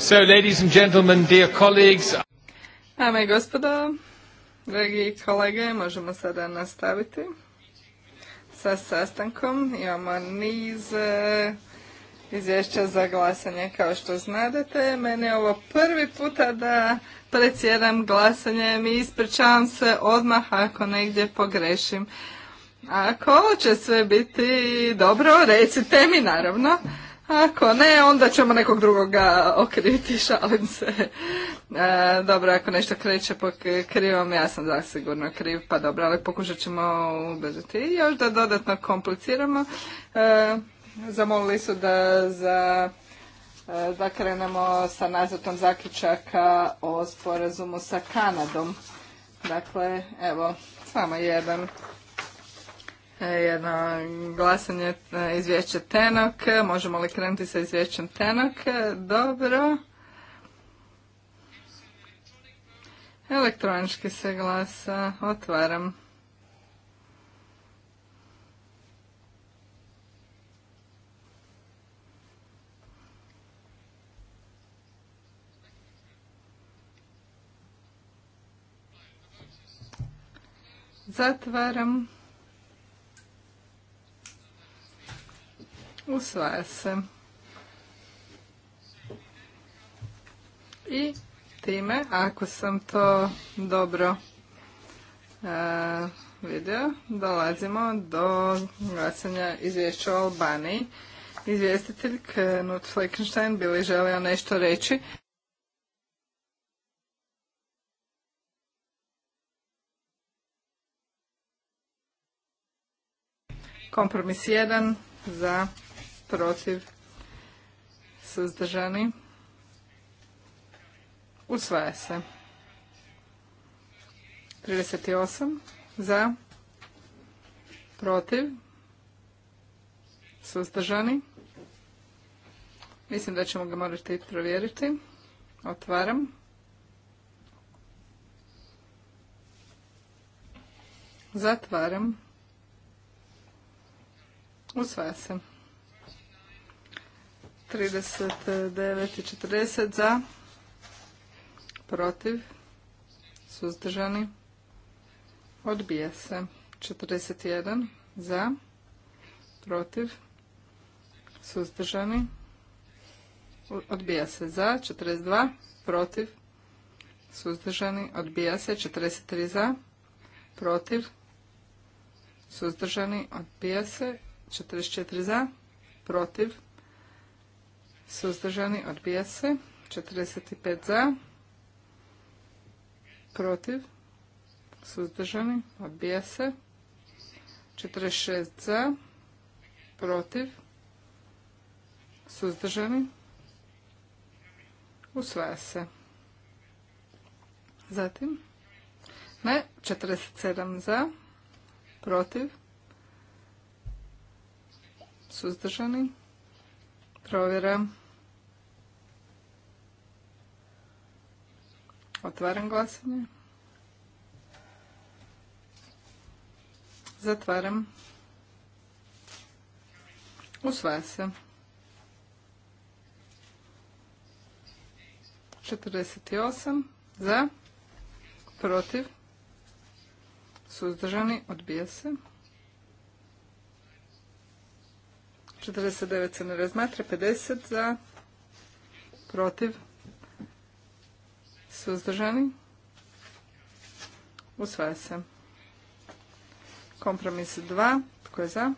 So, ladies and gentlemen, dear colleagues. Dame i gospodo, dragi kolege, možemo sada nastaviti sa sastankom. Imamo niz eh, izvješća za glasanje, kao što znadete. Mene je ovo prvi puta da predsjedam glasanjem i ispričavam se odmah ako negdje pogrešim. Ako će sve biti dobro, recite mi naravno. Ako ne, onda ćemo nekog drugoga okriviti, šalim se. E, dobro, ako nešto kreće po krivom, ja sam zasigurno kriv, pa dobro, ali pokušat ćemo ubrzati. I još da dodatno kompliciramo, e, zamolili su da za e, da krenemo sa nazvatom zaključaka o sporazumu sa Kanadom. Dakle, evo, samo jedan E, jedno glasanje e, izvješće Tenok. Možemo li krenuti sa izvješćem Tenok? E, dobro. Elektronički se glasa. Otvaram. Zatvaram. Usvaja se. I time, ako sam to dobro e, vidio, dolazimo do glasanja izvješća o Albaniji. Izvjestitelj Knut Fleckenstein li želio nešto reći. Kompromis 1 za protiv, suzdržani, usvaja se. 38 za, protiv, suzdržani. Mislim da ćemo ga morati provjeriti. Otvaram. Zatvaram. Usvaja se. 39 i 40 za, protiv, suzdržani, odbija se. 41 za, protiv, suzdržani, odbija se za, 42 protiv, suzdržani, odbija se, 43 za, protiv, suzdržani, odbija se, 44 za, protiv, suzdržani, odbija se. 45 za, protiv, suzdržani, odbija se. 46 za, protiv, suzdržani, usvaja se. Zatim, ne, 47 za, protiv, suzdržani, Provjera. Otvaram glasanje. Zatvaram. Usvaja se. 48 za, protiv, suzdržani, odbija se. 49 se ne razmatra. 50 za. Protiv. Suzdržani. Usvaja se. Kompromis 2. Tko je za?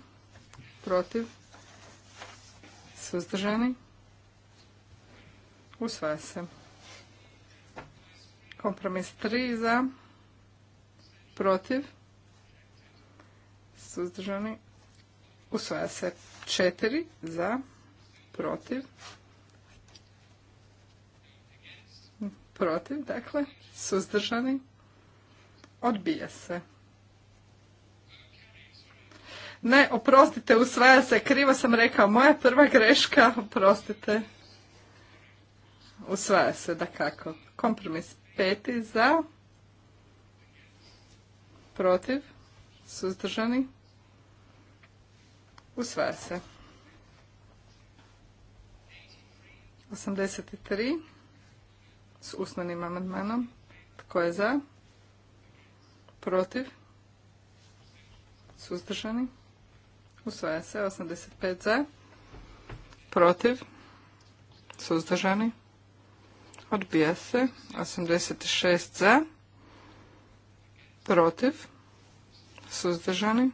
Protiv. Suzdržani. Usvaja se. Kompromis 3 za. Protiv. Suzdržani. Usvaja se. Četiri za, protiv, protiv, dakle, suzdržani, odbija se. Ne, oprostite, usvaja se, krivo sam rekao, moja prva greška, oprostite. Usvaja se, da kako. Kompromis peti za, protiv, suzdržani, Usvaja se. 83 s usmenim amandmanom. Tko je za? Protiv? Suzdržani? Usvaja se. 85 za. Protiv? Suzdržani? Odbija se. 86 za. Protiv? Suzdržani?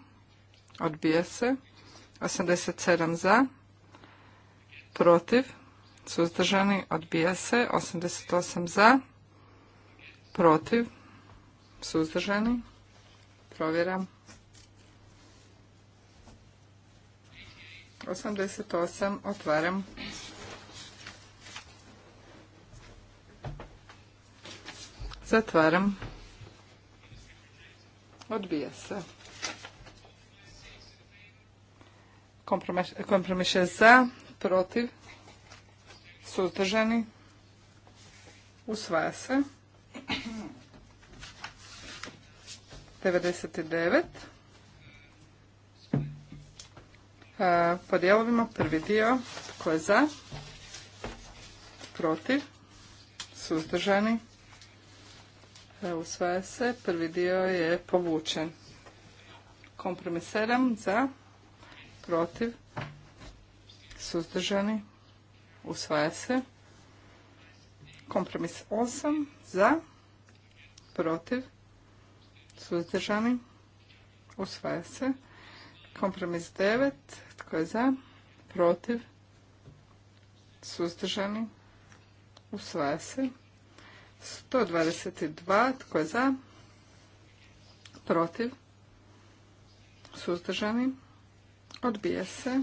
Odbija se. 87 za, protiv, suzdržani, odbija se. 88 za, protiv, suzdržani, provjeram. 88, otvaram. Zatvaram. Odbija se. Kompromis, za, protiv, suzdržani, usvaja se. 99. devet po prvi dio, tko je za, protiv, suzdržani, usvaja se. Prvi dio je povučen. Kompromis 7 za, protiv, suzdržani, usvaja se. Kompromis 8 za, protiv, suzdržani, usvaja se. Kompromis 9, tko je za, protiv, suzdržani, usvaja se. 122, tko je za, protiv, suzdržani, Odbija se.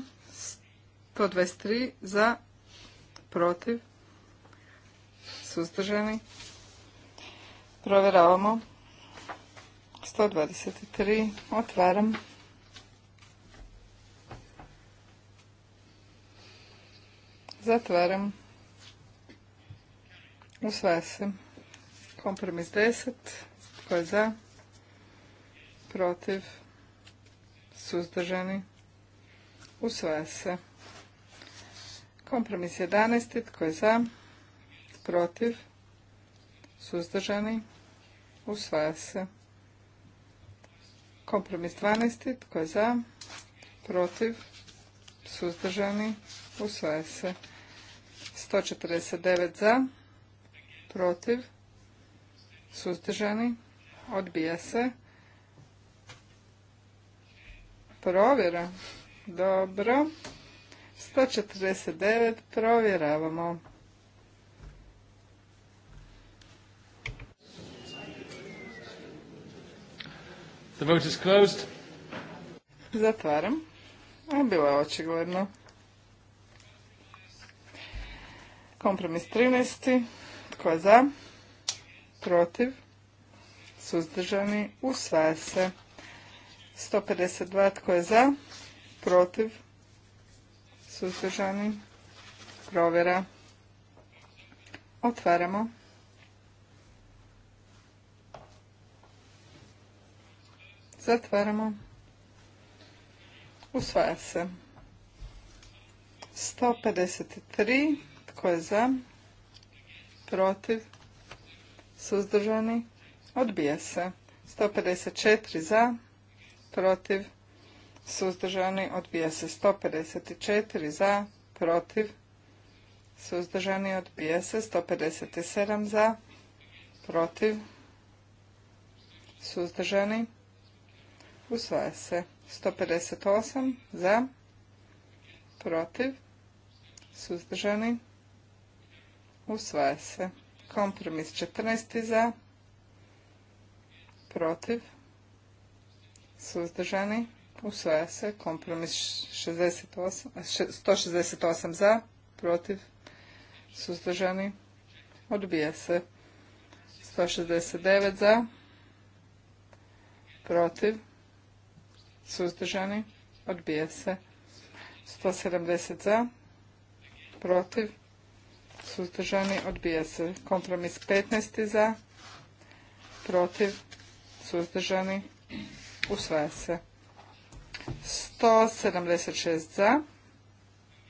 123 za, protiv, suzdržani. Provjeravamo. 123, otvaram. Zatvaram. Usvaja se. Kompromis 10. Tko je za? Protiv? Suzdržani? Usvaja se. Kompromis 11. Tko je za? Protiv? Suzdržani? Usvaja se. Kompromis 12. Tko je za? Protiv? Suzdržani? Usvaja se. 149 za? Protiv? Suzdržani? Odbija se. Provjera. Dobro. 149 provjeravamo. The vote is closed. Zatvaram. A bilo je očigledno. Kompromis 13. Tko je za? Protiv? Suzdržani? Usvaja se. 152. Tko je za? protiv, suzdržani, provjera. Otvaramo. Zatvaramo. Usvaja se. 153. Tko je za? Protiv? Suzdržani? Odbija se. 154 za, protiv, suzdržani, odbija se 154 za, protiv, suzdržani, odbija se 157 za, protiv, suzdržani, usvaja se 158 za, protiv, suzdržani, usvaja se. Kompromis 14 za, protiv, suzdržani, Usvaja se. Kompromis 68, 168 za, protiv, suzdržani. Odbija se. 169 za, protiv, suzdržani. Odbija se. 170 za, protiv, suzdržani. Odbija se. Kompromis 15 za, protiv, suzdržani. Usvaja se. 176 za,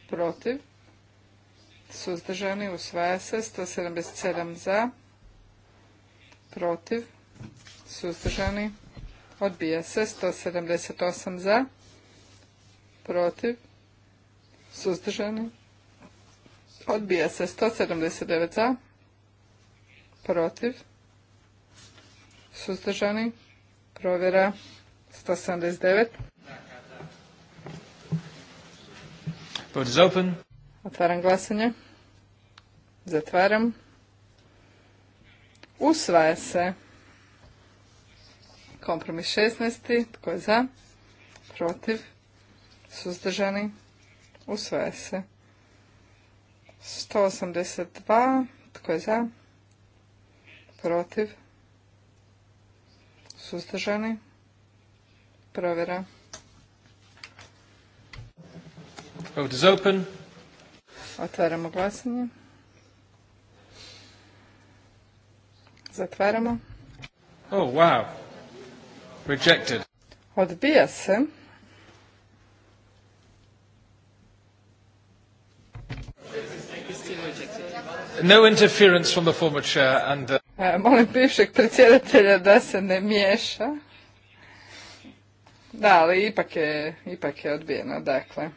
protiv, suzdržani, usvaja se. 177 za, protiv, suzdržani, odbija se. 178 za, protiv, suzdržani, odbija se. 179 za, protiv, suzdržani, provjera 179. Otvaram glasanje. Zatvaram. Usvaja se. Kompromis 16. Tko je za? Protiv? Suzdržani? Usvaja se. 182. Tko je za? Protiv? Suzdržani? Provjera. Vote is open. Otvaramo glasanje. Zatvaramo. Oh, wow. Rejected. Odbija se. No interference from the former chair and... Uh, e, molim bivšeg predsjedatelja da se ne miješa. Da, ali ipak je, ipak je odbijeno, dakle.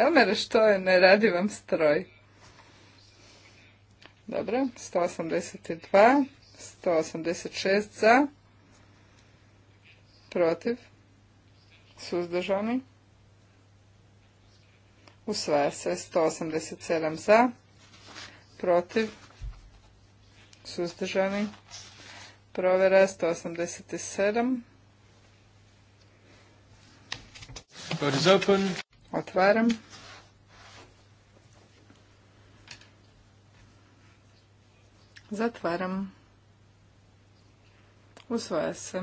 Elmer, što je? Ne radi vam stroj. Dobro, 182, 186 za, protiv, suzdržani. Usvaja se 187 za, protiv, suzdržani. Provera 187. Doors open. Otvaram. Zatvaram. Usvaja se.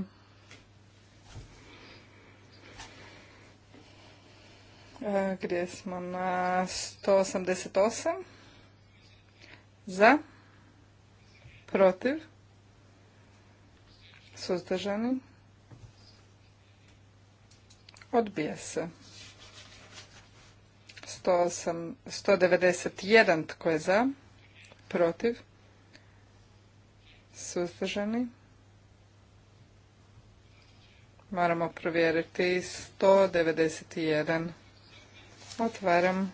E, gdje smo na 188. Za. Protiv. Suzdržani. Odbija se. 191 tko je za, protiv, suzdržani. Moramo provjeriti 191. Otvaram.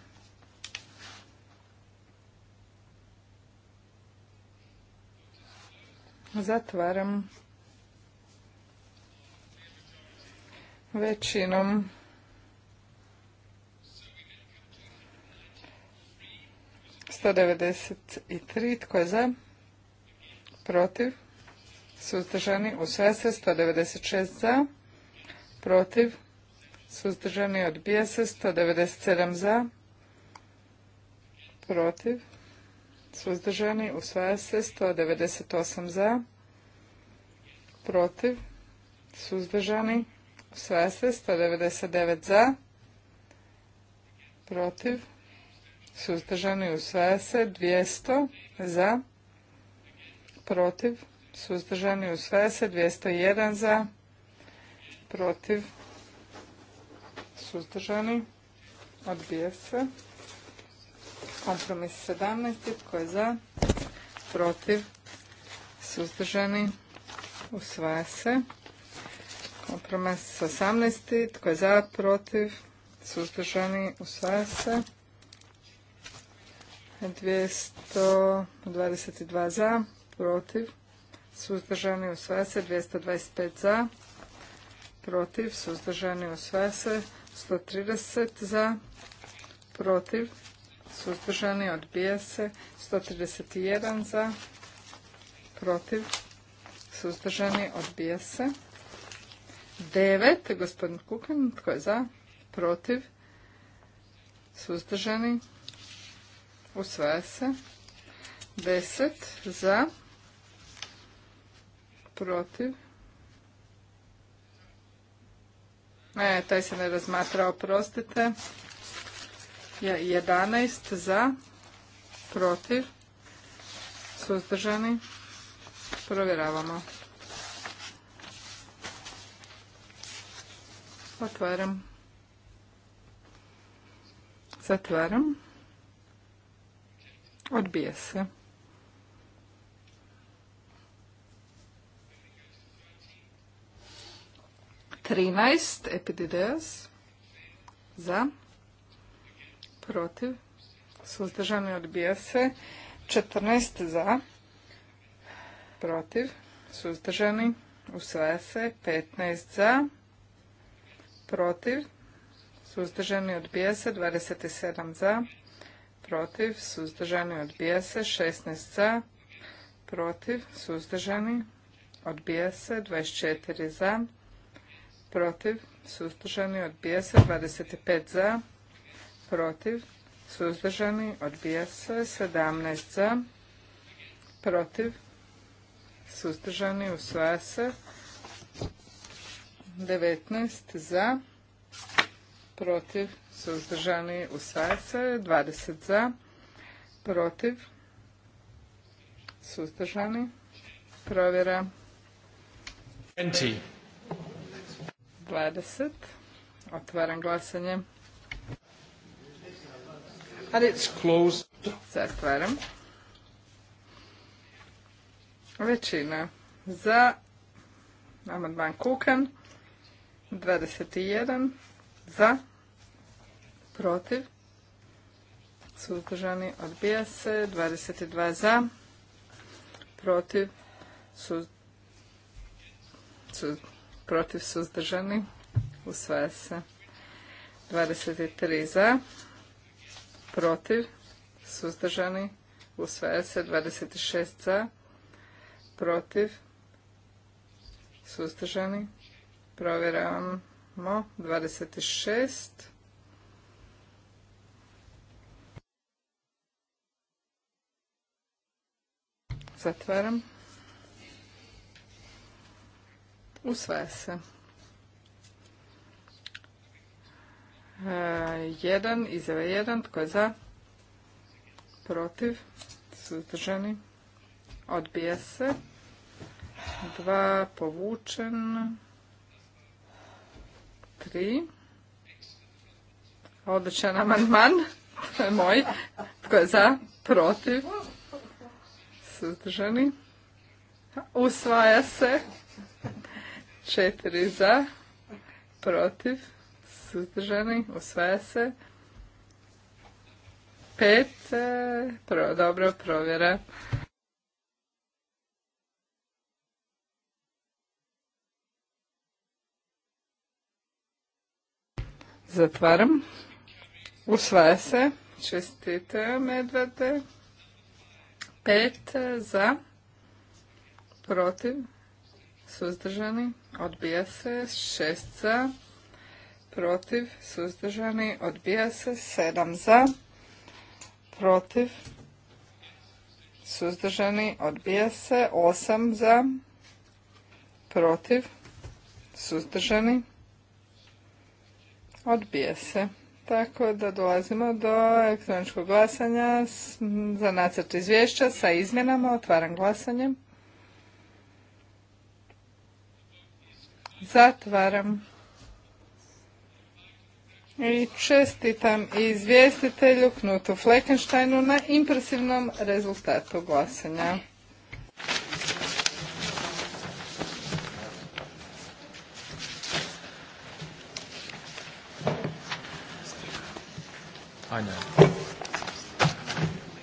Zatvaram. Većinom 193. Tko je za? Protiv? Suzdržani? U se. 196 za? Protiv? Suzdržani? Odbije se. 197 za? Protiv? Suzdržani? Usvaja se. 198 za? Protiv? Suzdržani? Usvaja se. 199 za? Protiv? suzdržani, usvaja se. 200 za, protiv, suzdržani, usvaja se. 201 za, protiv, suzdržani, odbija se. Kompromis 17, tko je za, protiv, suzdržani, usvaja se. Kompromis 18, tko je za, protiv, suzdržani, usvaja se. 222 za, protiv, suzdržani u se, 225 za, protiv, suzdržani u se, 130 za, protiv, suzdržani odbija se, 131 za, protiv, suzdržani odbija se, 9, gospodin Kukan, tko je za, protiv, suzdržani usvaja se. 10 za, protiv. Ne, taj se ne razmatra, oprostite. 11 za, protiv, suzdržani. Provjeravamo. Otvaram. Zatvaram. Odbije se. Trinaest epidideos za protiv suzdržani odbija se. četrnaest za protiv suzdržani usvaja se. petnaest za protiv suzdržani odbija se. dvadeset sedam za protiv, suzdržani, odbija se. 16 za, protiv, suzdržani, odbija se. 24 za, protiv, suzdržani, odbija se. 25 za, protiv, suzdržani, odbija se. 17 za, protiv, suzdržani, usvaja se. 19 za, protiv, suzdržani, usvaja se. 20 za, protiv, suzdržani, provjera. 20. Otvaram glasanje. And it's closed. Zatvaram. Većina za amandman Kukan, 21 za, protiv, suzdržani, odbija se, 22 za, protiv, protiv suzdržani, usvaja se, 23 za, protiv, suzdržani, usvaja se, 26 za, protiv, suzdržani, provjeravamo 26 Zatvaram. Usvaja se. E, jedan, izjave jedan, tko je za? Protiv. Suzdržani. Odbija se. Dva, povučen. Tri. Odličan amandman. To je moj. Tko je za? Protiv suzdržani. Usvaja se. Četiri za, protiv, suzdržani, usvaja se. Pet, e, pro, dobro, provjera. Zatvaram. Usvaja se. Čestite medvede. 5 za, protiv, suzdržani, odbija se. 6 za, protiv, suzdržani, odbija se. 7 za, protiv, suzdržani, odbija se. 8 za, protiv, suzdržani, odbija se tako da dolazimo do elektroničkog glasanja za nacrt izvješća sa izmjenama. Otvaram glasanje. Zatvaram. I čestitam izvjestitelju Knutu Fleckensteinu na impresivnom rezultatu glasanja.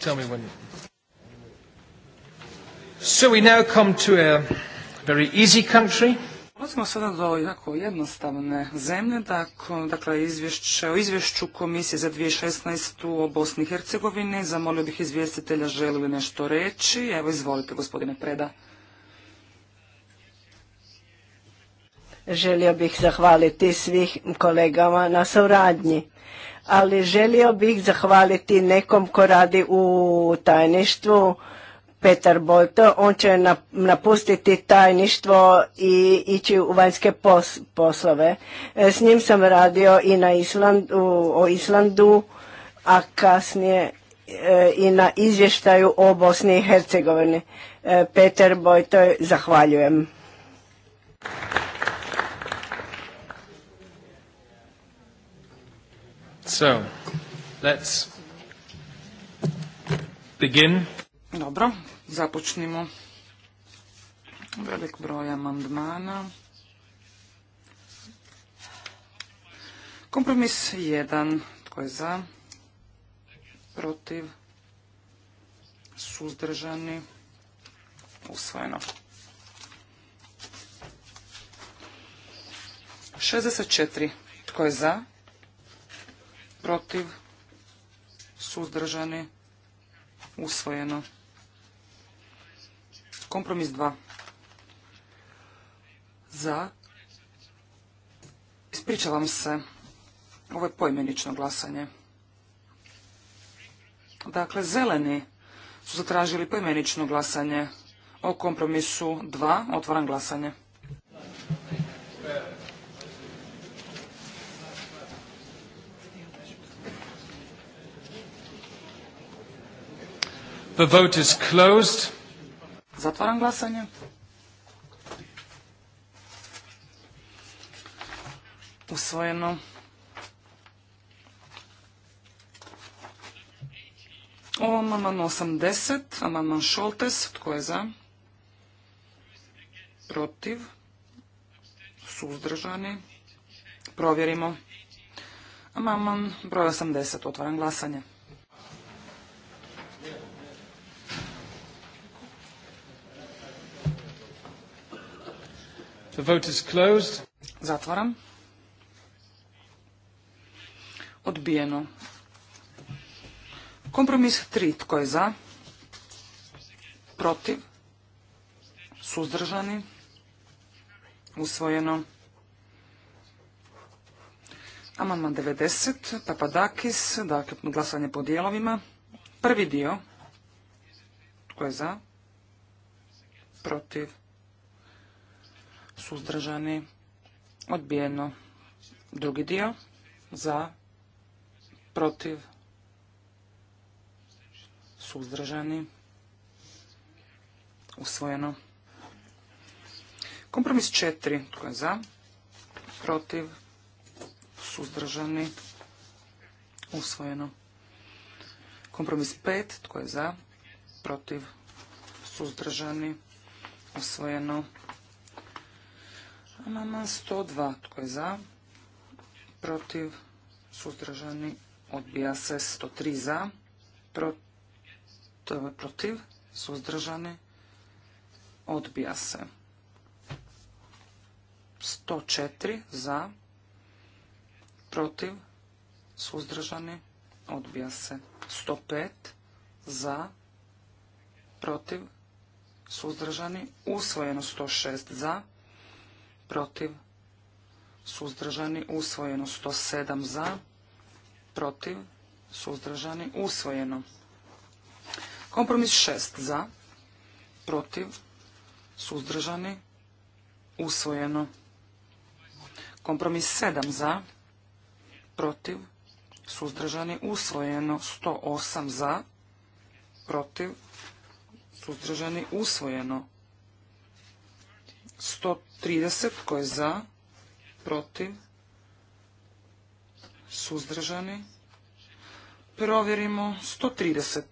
Tell me when. So we now come to a very easy country. Ulazimo sada do jako jednostavne zemlje, dakle izvješće, o izvješću Komisije za 2016. o Bosni i Hercegovini. Zamolio bih izvjestitelja želi nešto reći. Evo izvolite gospodine Preda. Želio bih zahvaliti svih kolegama na suradnji ali želio bih zahvaliti nekom ko radi u tajništvu, Petar Bojto. on će napustiti tajništvo i ići u vanjske poslove. E, s njim sam radio i na Islandu, o Islandu, a kasnije e, i na izvještaju o Bosni i Hercegovini. E, Peter Bojto, zahvaljujem. So, let's Dobro, započnimo. Velik broj amandmana. Kompromis 1. Tko je za? Protiv? Suzdržani? Usvojeno. 64. Tko je za? protiv, suzdržani, usvojeno. Kompromis 2. Za. Ispričavam se. Ovo je pojmenično glasanje. Dakle, zeleni su zatražili pojmenično glasanje o kompromisu 2. Otvaram glasanje. The vote is closed. Zatvaram glasanje. Usvojeno. Amandman 80, amandman Šoltes, tko je za? Protiv? Suzdržani? Provjerimo. Amandman broj 80, otvaram glasanje. The closed. Zatvaram. Odbijeno. Kompromis 3. Tko je za? Protiv? Suzdržani? Usvojeno. Amandman 90. Papadakis. Dakle, glasanje po dijelovima. Prvi dio. Tko je za? Protiv? suzdržani, odbijeno. Drugi dio, za, protiv, suzdržani, usvojeno. Kompromis četiri, tko je za, protiv, suzdržani, usvojeno. Kompromis pet Tko je za? Protiv? Suzdržani? usvojeno. Amandman 102. Tko je za? Protiv? Suzdržani? Odbija se 103 za. protiv? Suzdržani? Odbija se. 104 za. Protiv? Suzdržani? Odbija se. 105 za. Protiv? Suzdržani? Usvojeno 106 za protiv, suzdržani, usvojeno. 107 za, protiv, suzdržani, usvojeno. Kompromis 6 za, protiv, suzdržani, usvojeno. Kompromis 7 za, protiv, suzdržani, usvojeno. 108 za, protiv, suzdržani, usvojeno. 130 koji je za, protiv, suzdržani. Provjerimo 130.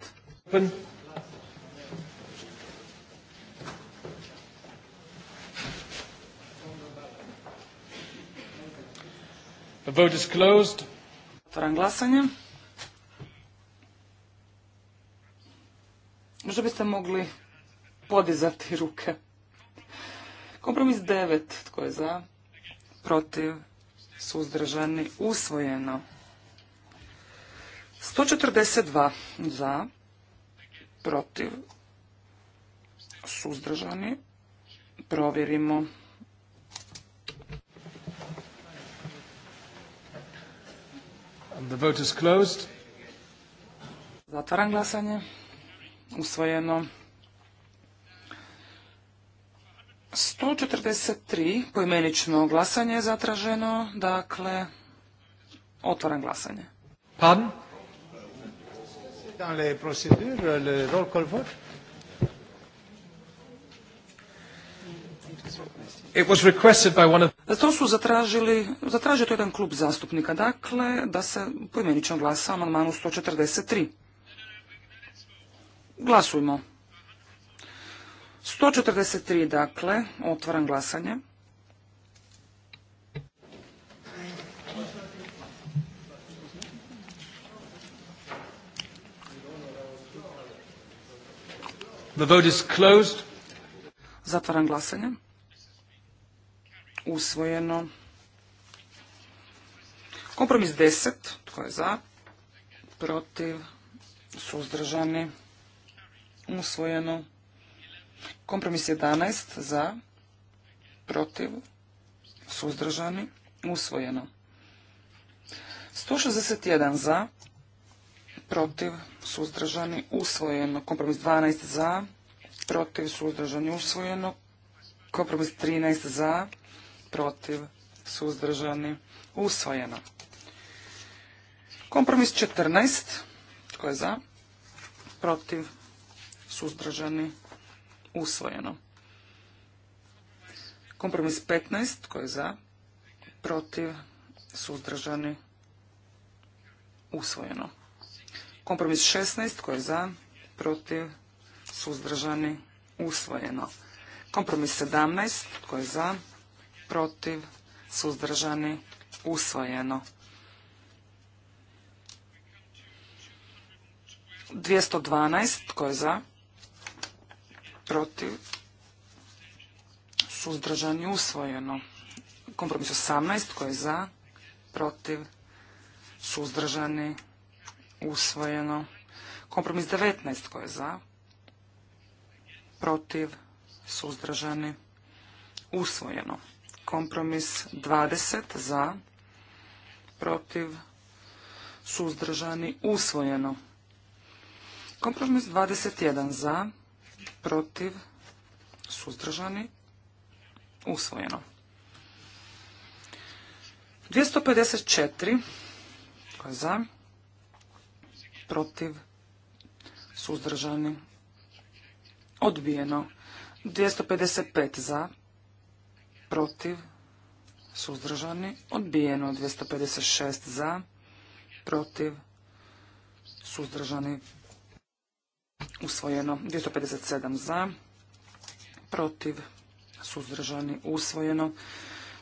The vote is closed. Otvaram glasanje. Možda biste mogli podizati ruke. Kompromis 9. Tko je za? Protiv? Suzdržani? Usvojeno. 142 za, protiv, suzdržani. Provjerimo. Zatvaram glasanje. Usvojeno. 143 poimenično glasanje je zatraženo, dakle, otvoren glasanje. Pardon? Dans les procédures, le roll call vote. It was requested by one of... To su zatražili, zatražio to jedan klub zastupnika, dakle, da se poimenično glasa amandmanu 143. Glasujmo. 143, dakle, otvaram glasanje. The vote is closed. Zatvaram glasanje. Usvojeno. Kompromis 10. Tko je za? Protiv? Suzdržani? Usvojeno. Kompromis 11 za, protiv, suzdržani, usvojeno. 161 za, protiv, suzdržani, usvojeno. Kompromis 12 za, protiv, suzdržani, usvojeno. Kompromis 13 za, protiv, suzdržani, usvojeno. Kompromis 14, tko je za, protiv, suzdržani, usvojeno. Kompromis 15, tko je za, protiv, suzdržani, usvojeno. Kompromis 16, tko je za, protiv, suzdržani, usvojeno. Kompromis 17, tko je za, protiv, suzdržani, usvojeno. 212, tko je za, protiv, suzdržani, usvojeno. Kompromis 18, tko je za, protiv, suzdržani, usvojeno. Kompromis 19, tko je za, protiv, suzdržani, usvojeno. Kompromis 20, za, protiv, suzdržani, usvojeno. Kompromis 21, za, protiv, suzdržani, usvojeno. 254 koje za, protiv, suzdržani, odbijeno. 255 za, protiv, suzdržani, odbijeno. 256 za, protiv, suzdržani, usvojeno. 257 za, protiv, suzdržani, usvojeno.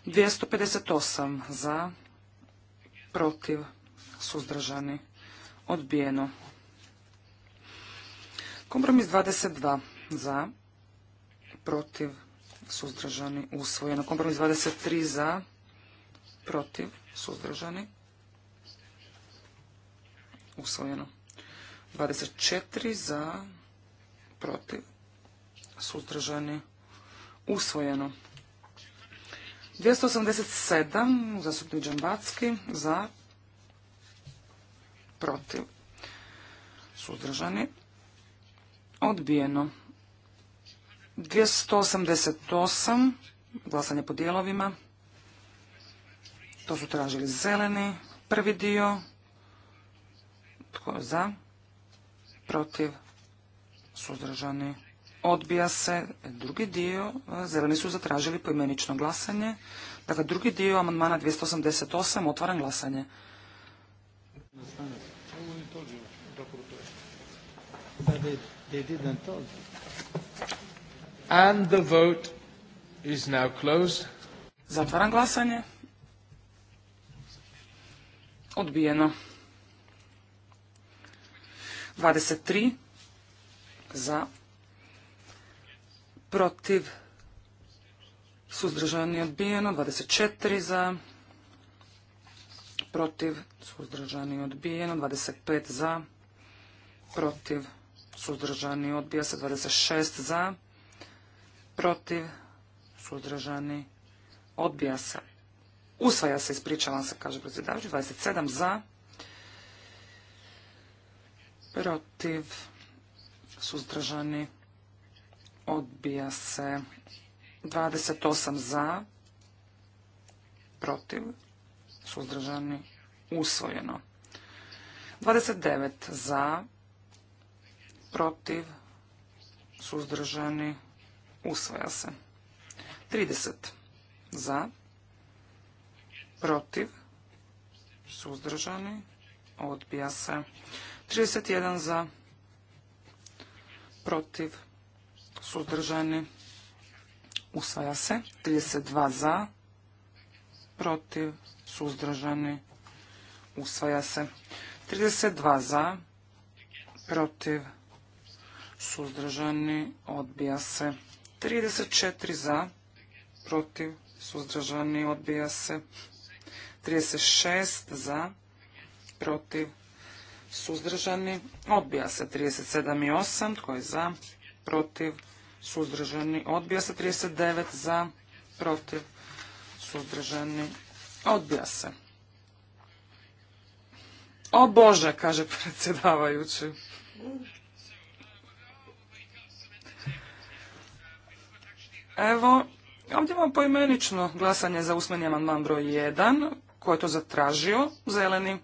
258 za, protiv, suzdržani, odbijeno. Kompromis 22 za, protiv, suzdržani, usvojeno. Kompromis 23 za, protiv, suzdržani, usvojeno. 24 za, protiv, suzdržani, usvojeno. 287, zastupnik Đambacki, za, protiv, suzdržani, odbijeno. 288, glasanje po dijelovima, to su tražili zeleni, prvi dio, tko je za, protiv, suzdržani, odbija se. Drugi dio, e, zeleni su zatražili poimenično glasanje. Dakle, drugi dio amandmana 288, otvaram glasanje. And Zatvaram glasanje. Odbijeno. 23 za protiv suzdržani odbijeno 24 za protiv suzdržani odbijeno 25 za protiv suzdržani odbija se 26 za protiv suzdržani odbija se usvaja se ispričavam se kaže predsjedavajući 27 za protiv, suzdržani, odbija se 28 za, protiv, suzdržani, usvojeno. 29 za, protiv, suzdržani, usvaja se. 30 za, protiv, suzdržani, odbija se. 31 za, protiv, suzdržani, usvaja se. 32 za, protiv, suzdržani, usvaja se. 32 za, protiv, suzdržani, odbija se. 34 za, protiv, suzdržani, odbija se. 36 za, protiv, suzdržani, odbija se 37 i 8, tko je za, protiv, suzdržani, odbija se 39 za, protiv, suzdržani, odbija se. O Bože, kaže predsjedavajući. Evo, ovdje imamo poimenično glasanje za usmeni amandman broj 1, ko je to zatražio, zeleni,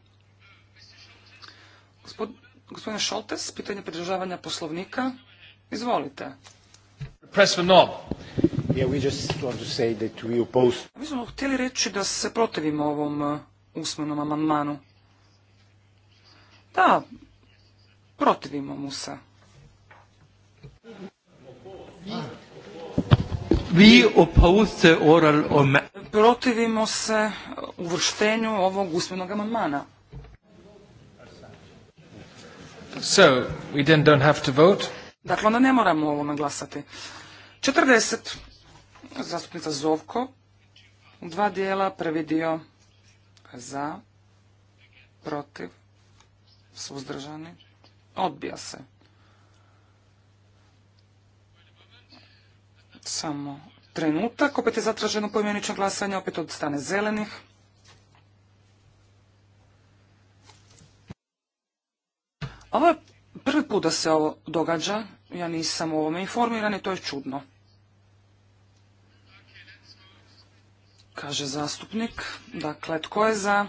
gospodine Šoltes, pitanje pridržavanja poslovnika. Izvolite. Yeah, we just want to Mi smo htjeli reći da se protivimo ovom uh, usmenom amandmanu. Da, protivimo mu se. Protivimo se uvrštenju ovog usmenog amandmana. So, we don't have to vote. Dakle, onda ne moramo ovo naglasati. 40. Zastupnica Zovko. Dva dijela, prvi dio za, protiv, suzdržani, odbija se. Samo trenutak, opet je zatraženo pojmenično glasanje, opet od strane zelenih. Ovo je prvi put da se ovo događa, ja nisam o ovome informiran i to je čudno. Kaže zastupnik, dakle, tko je za...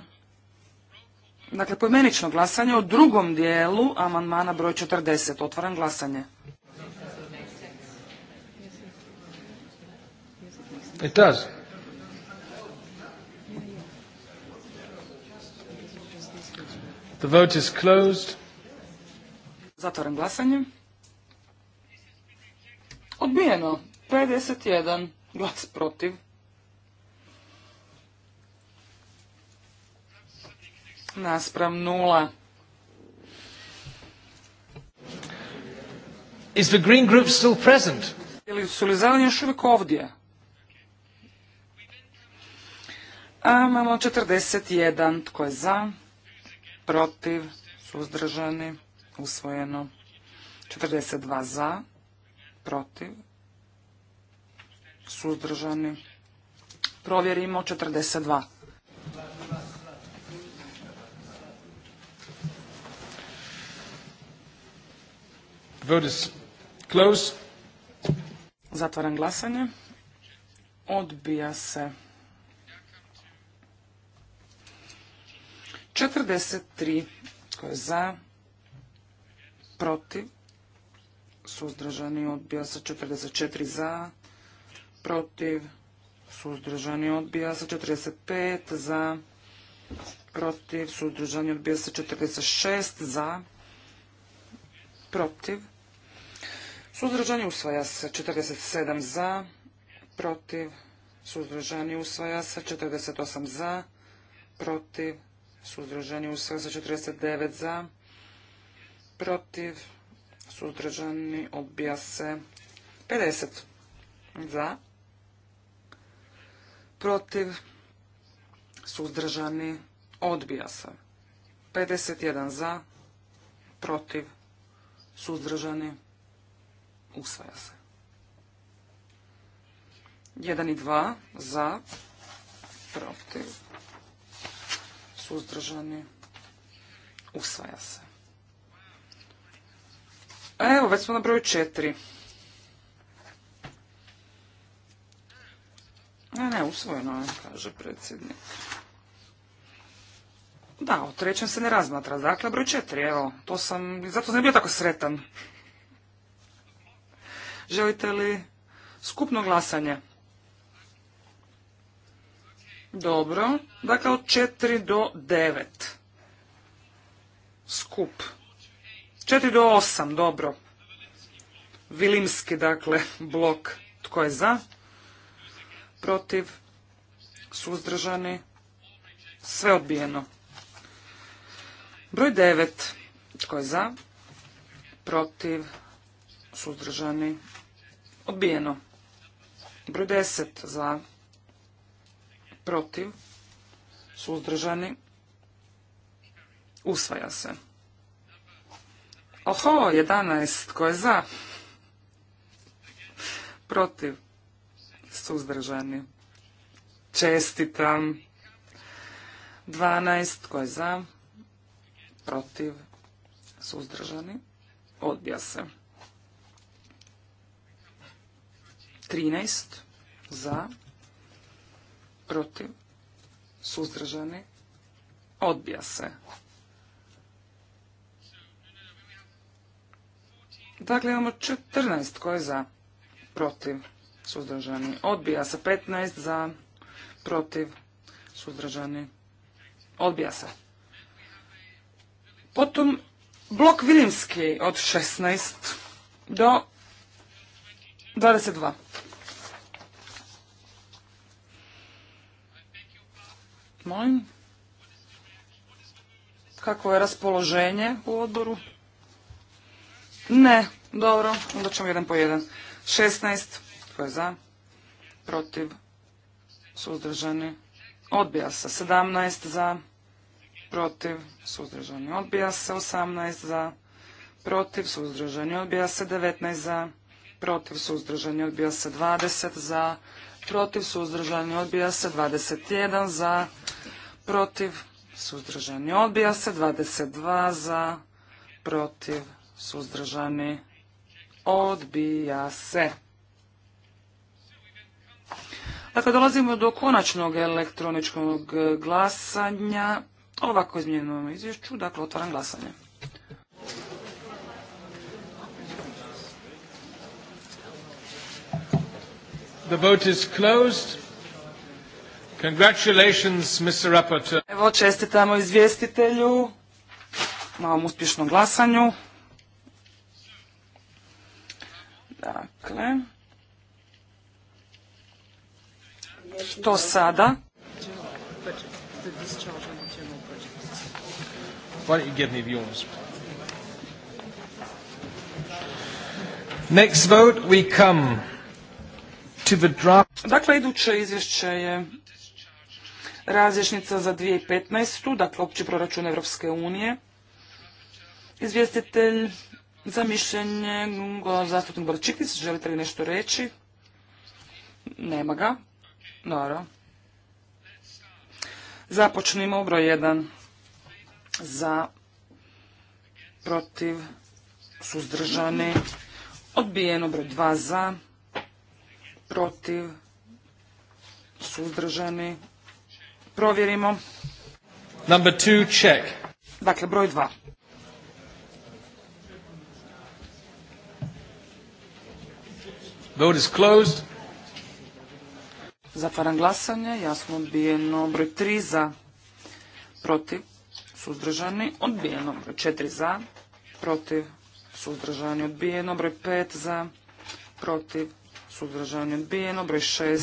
Dakle, pojmenično glasanje o drugom dijelu amandmana broj 40. Otvaram glasanje. It does. The vote is closed. Zatvoram glasanje. Odbijeno. 51 glas protiv. Naspram nula. Is the Green Group still present? Ili su li zeleni još uvijek ovdje? A imamo 41. Tko je za? Protiv? Suzdržani? usvojeno. 42 za, protiv, suzdržani. Provjerimo 42. Vote is close. Zatvaram glasanje. Odbija se. 43. Tko je za? protiv, suzdržani odbija sa 44 za, protiv, suzdržani odbija sa 45 za, protiv, suzdržani odbija sa 46 za, protiv, suzdržani usvaja sa 47 za, protiv, suzdržani usvaja sa 48 za, protiv, suzdržani usvaja sa 49 za, protiv, suzdržani, odbija se. 50 za, protiv, suzdržani, odbija se. 51 za, protiv, suzdržani, usvaja se. 1 i 2 za, protiv, suzdržani, usvaja se. Evo, već smo na broju četiri. Ne, ne, usvojeno je, kaže predsjednik. Da, o trećem se ne razmatra. Dakle, broj četiri, evo, to sam, zato sam ne bio tako sretan. Želite li skupno glasanje? Dobro, dakle od četiri do devet. Skup. 4 do 8, dobro. Vilimski, dakle, blok. Tko je za? Protiv? Suzdržani? Sve odbijeno. Broj 9. Tko je za? Protiv? Suzdržani? Odbijeno. Broj 10. Za? Protiv? Suzdržani? Usvaja se. Oho, 11. Tko je za? Protiv. Suzdržani. Čestitam. 12. Tko je za? Protiv. Suzdržani. Odbija se. 13. Za. Protiv. Suzdržani. Odbija se. Dakle, imamo 14 koje je za, protiv, suzdržani. Odbija se 15 za, protiv, suzdržani. Odbija se. Potom blok Vilimski od 16 do 22. Molim. Kako je raspoloženje u odboru? Ne, dobro, onda ćemo jedan po jedan. 16, tko je za? Protiv, suzdržani, odbija se. 17 za, protiv, suzdržani, odbija se. 18 za, protiv, suzdržani, odbija se. 19 za, protiv, suzdržani, odbija se. 20 za, protiv, suzdržani, odbija se. 21 za, protiv, suzdržani, odbija se. 22 za, protiv, suzdržani, odbija se. Dakle, dolazimo do konačnog elektroničkog glasanja. Ovako izmijenimo izvješću, dakle, otvaram glasanje. The vote is closed. Congratulations, Mr. Evo, čestitamo izvjestitelju na ovom uspješnom glasanju. Dakle, što sada? Why don't you give me yours? Next vote, we come to the draft. Dakle, iduće izvješće je razješnica za 2015. Dakle, opći proračun Evropske unije. Izvjestitelj za mišljenje zastupnik Borčikis. Želite li nešto reći? Nema ga. Dobro. Započnimo u broj 1 za protiv suzdržani odbijeno broj 2 za protiv suzdržani provjerimo number 2 check dakle broj 2 Vote is closed. Zatvaram glasanje. Jasno odbijeno. Broj 3 za. Protiv. Suzdržani. Odbijeno. Broj 4 za. Protiv. Suzdržani. Odbijeno. Broj 5 za. Protiv. Suzdržani. Odbijeno. Broj 6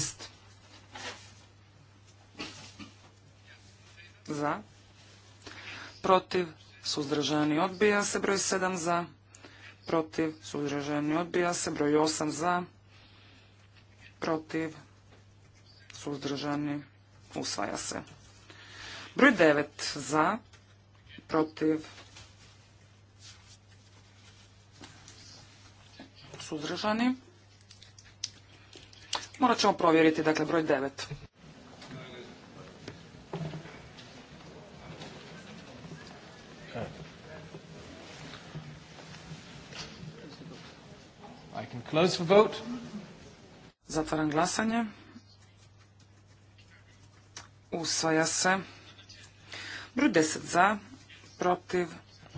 za. Protiv. Suzdržani. Odbija se. Broj 7 za. Protiv. Suzdržani. Odbija se. Broj 8 za. Protiv protiv, suzdržani, usvaja se. Broj devet za, protiv, suzdržani. Morat ćemo provjeriti, dakle, broj devet. I close for vote. Zatvaram glasanje. Usvaja se. Broj 10 za, protiv,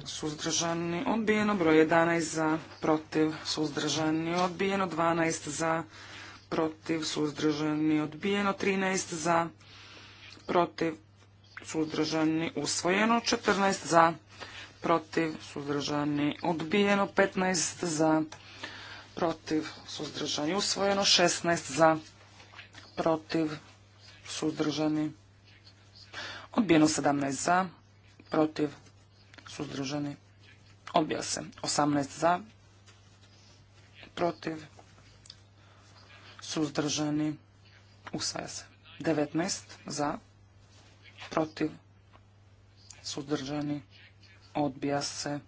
suzdržani, odbijeno. Broj 11 za, protiv, suzdržani, odbijeno. 12 za, protiv, suzdržani, odbijeno. 13 za, protiv, suzdržani, usvojeno. 14 za, protiv, suzdržani, odbijeno. 15 za, protiv, suzdržani, usvojeno. 16 za, protiv, suzdržani, odbijeno. 17 za, protiv, suzdržani, odbija se. 18 za, protiv, suzdržani, usvaja se. 19 za, protiv, suzdržani, odbija se.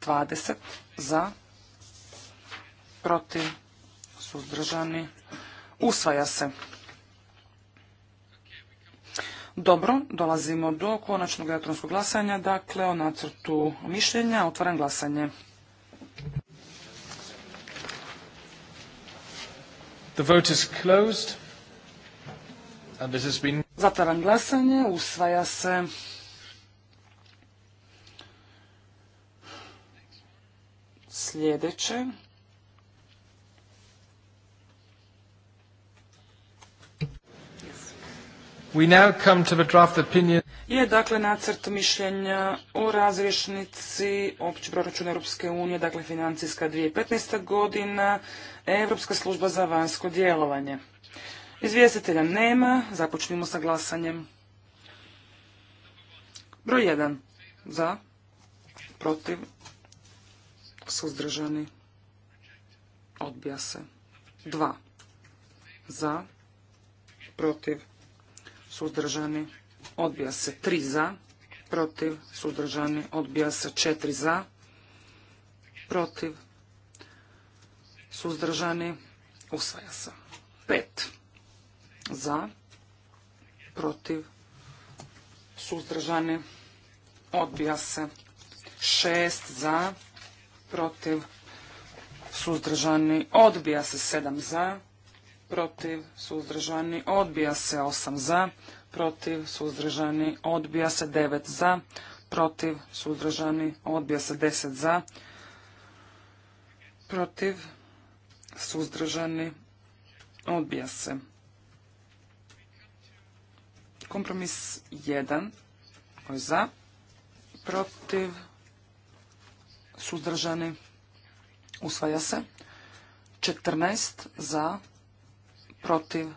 20 za, protiv, suzdržani, usvaja se. Dobro, dolazimo do konačnog elektronskog glasanja, dakle o nacrtu mišljenja, otvaram glasanje. The closed. And this has been... Zatvaram glasanje, usvaja se. Sljedeće, We now come to the draft opinion. Je dakle nacrt mišljenja o razrješnici opći proračuna Europske unije, dakle financijska 2015. godina, Europska služba za vanjsko djelovanje. Izvjestitelja nema, započnimo sa glasanjem. Broj 1. Za. Protiv. Suzdržani. Odbija se. 2. Za. Protiv suzdržani, odbija se 3 za, protiv, suzdržani, odbija se 4 za, protiv, suzdržani, usvaja se 5 za, protiv, suzdržani, odbija se 6 za, protiv, suzdržani, odbija se 7 za, protiv, suzdržani, odbija se 8 za, protiv, suzdržani, odbija se 9 za, protiv, suzdržani, odbija se 10 za, protiv, suzdržani, odbija se. Kompromis 1, koji je za, protiv, suzdržani, usvaja se. 14 za, protiv,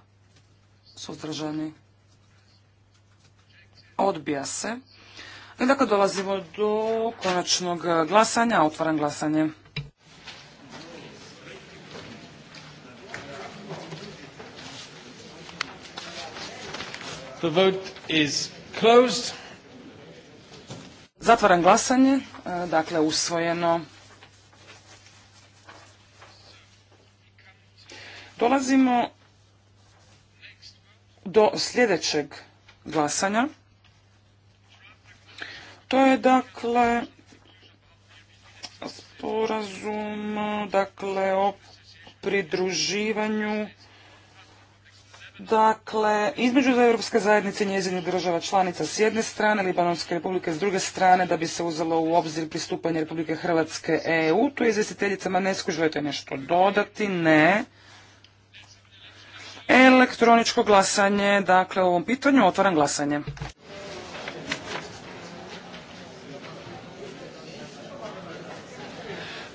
suzdržani, odbija se. I dakle dolazimo do konačnog glasanja, otvaram glasanje. The vote is closed. Zatvaram glasanje, e, dakle usvojeno. Dolazimo do sljedećeg glasanja. To je dakle sporazum dakle o pridruživanju Dakle, između Europske zajednice i njezinih država članica s jedne strane, Libanonske republike s druge strane, da bi se uzelo u obzir pristupanje Republike Hrvatske EU. Tu je izvjestiteljica ne skužujete nešto dodati? Ne elektroničko glasanje. Dakle, u ovom pitanju otvoram glasanje.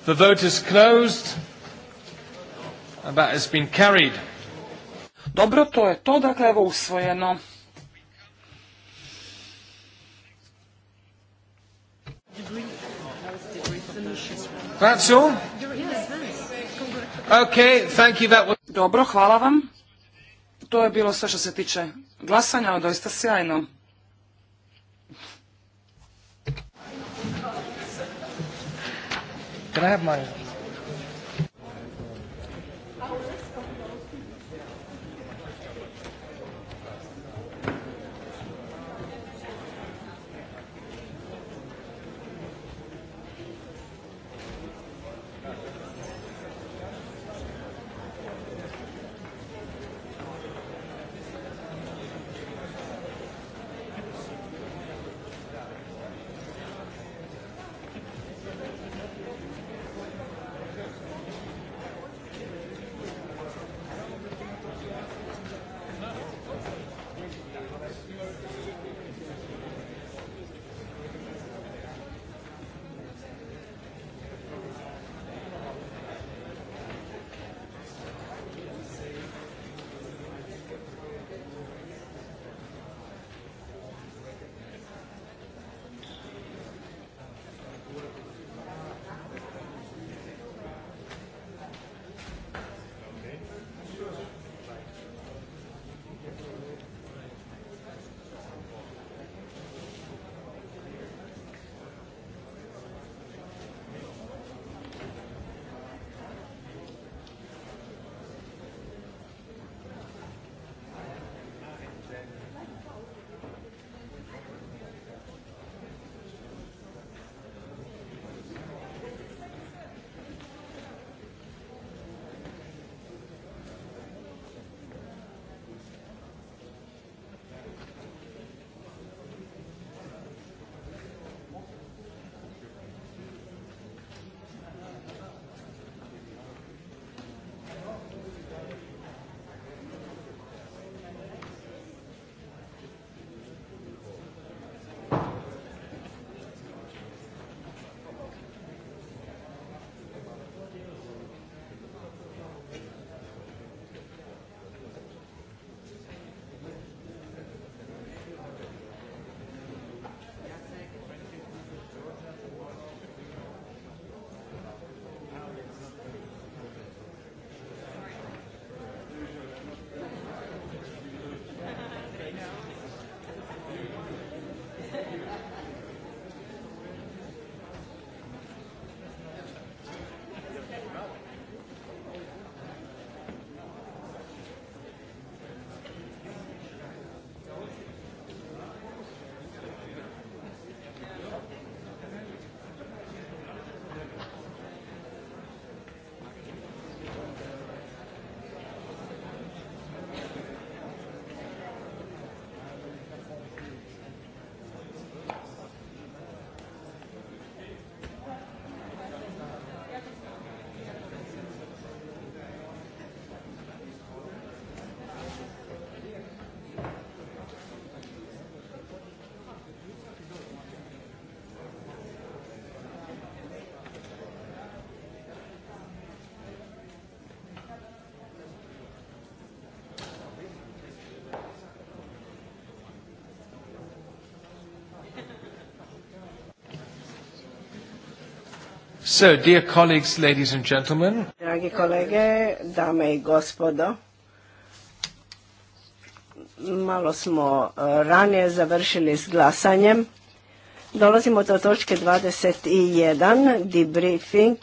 The vote is closed. About that has been carried. Dobro, to je to. Dakle, evo usvojeno. That's all? Okay, thank you. That was... Dobro, hvala vam. To je bilo sve što se tiče glasanja, ali doista sjajno. So, dear colleagues, ladies and gentlemen. Dragi kolege, dame i gospodo, malo smo e, ranije završili s glasanjem. Dolazimo do točke 21, debriefing,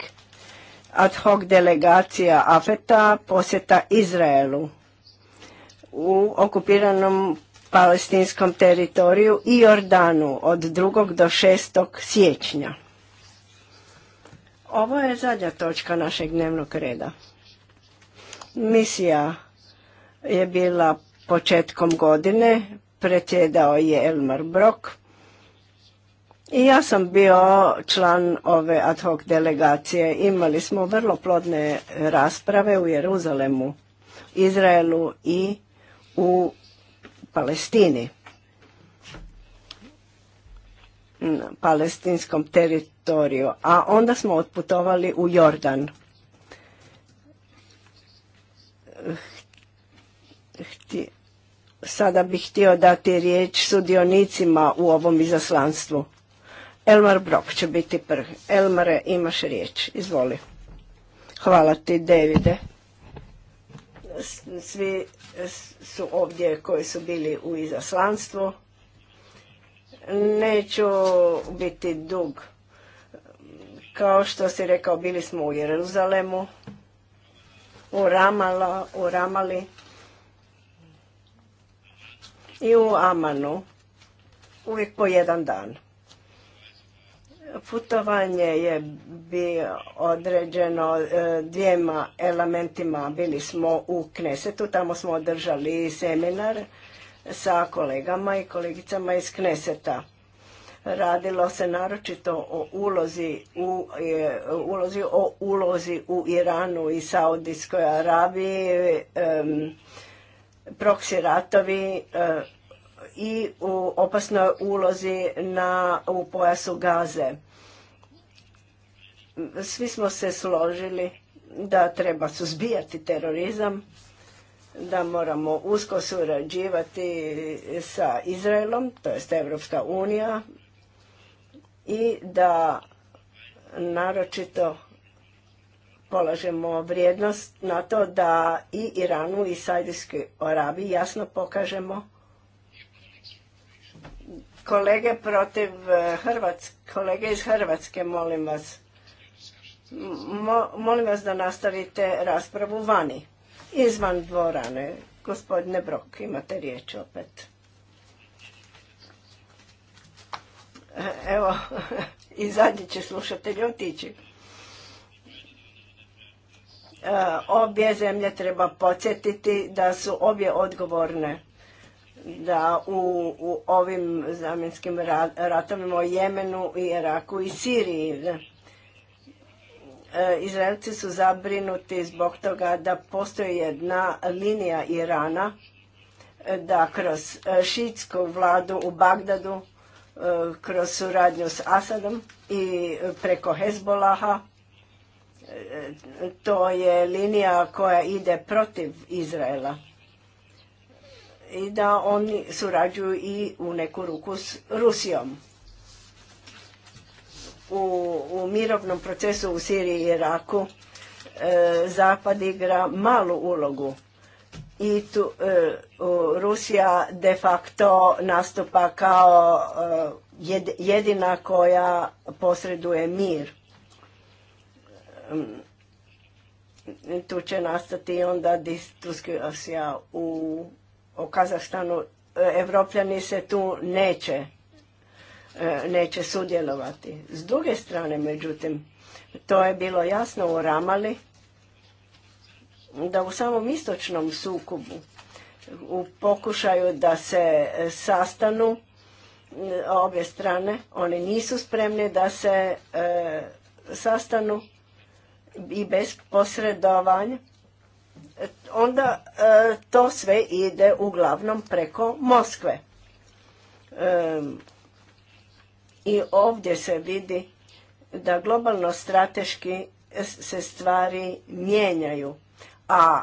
ad hoc delegacija AFETA, posjeta Izraelu u okupiranom palestinskom teritoriju i Jordanu od 2. do 6. siječnja. Ovo je zadnja točka našeg dnevnog reda. Misija je bila početkom godine, predsjedao je Elmar Brok i ja sam bio član ove ad hoc delegacije. Imali smo vrlo plodne rasprave u Jeruzalemu, Izraelu i u Palestini. palestinskom teritoriju, a onda smo otputovali u Jordan. sada bih htio dati riječ sudionicima u ovom izaslanstvu. Elmar Brok će biti prvi. Elmare, imaš riječ. Izvoli. Hvala ti, Davide. Svi su ovdje koji su bili u izaslanstvu. Neću biti dug. Kao što si rekao, bili smo u Jeruzalemu, u, Ramala, u Ramali i u Amanu. Uvijek po jedan dan. Putovanje je bio određeno e, dvijema elementima. Bili smo u Knesetu, tamo smo održali seminar sa kolegama i kolegicama iz Kneseta. Radilo se naročito o ulozi u, ulozi, o ulozi u Iranu i Saudijskoj Arabiji, proksiratovi proksi ratovi eh, i u opasnoj ulozi na, u pojasu gaze. Svi smo se složili da treba suzbijati terorizam da moramo usko surađivati sa Izraelom, to jest Evropska unija, i da naročito polažemo vrijednost na to da i Iranu i Saudijskoj Arabiji jasno pokažemo kolege protiv kolege iz Hrvatske, molim vas, molim vas da nastavite raspravu vani izvan dvorane. Gospodine Brok, imate riječ opet. Evo, i zadnji će slušatelj otići. E, obje zemlje treba podsjetiti da su obje odgovorne da u, u ovim zamjenskim ratovima o Jemenu, i Iraku i Siriji E, Izraelci su zabrinuti zbog toga da postoji jedna linija Irana e, da kroz e, šiitsku vladu u Bagdadu, kroz suradnju s Asadom i preko Hezbolaha, to je linija koja ide protiv Izraela i da oni surađuju i u neku ruku s Rusijom u, mirovnom procesu u Siriji i Iraku e, Zapad igra malu ulogu i tu e, Rusija de facto nastupa kao e, jedina koja posreduje mir. Tu će nastati onda diskusija u o Kazahstanu. Evropljani se tu neće E, neće sudjelovati. S druge strane, međutim, to je bilo jasno u Ramali da u samom istočnom sukobu u pokušaju da se sastanu e, obje strane, Oni nisu spremni da se e, sastanu i bez posredovanja, onda to sve ide uglavnom preko Moskve. E, i ovdje se vidi da globalno strateški se stvari mijenjaju, a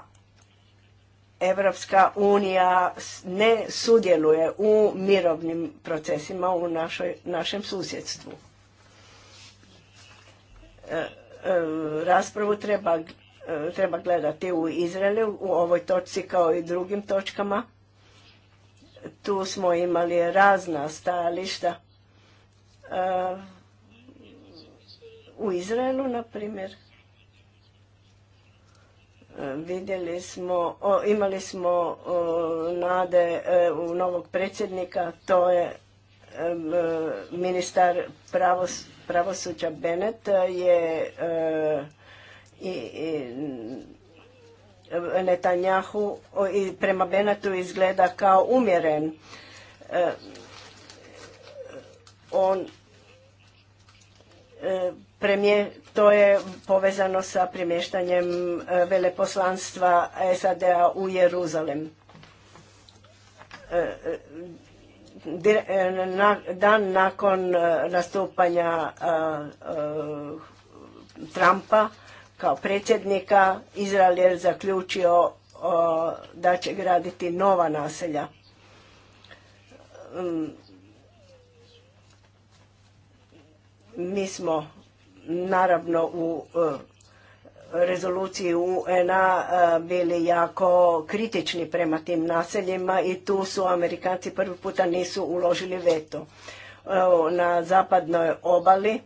Evropska unija ne sudjeluje u mirovnim procesima u našoj, našem susjedstvu. E, e, raspravu treba, e, treba gledati u Izraelu, u ovoj točci kao i drugim točkama. Tu smo imali razna stajališta u Izraelu, na primjer, e, vidjeli smo, imali smo nade e, u novog predsjednika, to je e, ministar pravos, pravosuđa Benet je i, i Netanjahu i prema Benetu izgleda kao umjeren on e, to je povezano sa premještanjem e, veleposlanstva SAD-a u Jeruzalem. E, dan nakon nastupanja Trumpa kao predsjednika, Izrael je zaključio da će graditi nova naselja Mi smo naravno u e, rezoluciji UNA e, bili jako kritični prema tim naseljima i tu su Amerikanci prvi puta nisu uložili veto. Na zapadnoj obali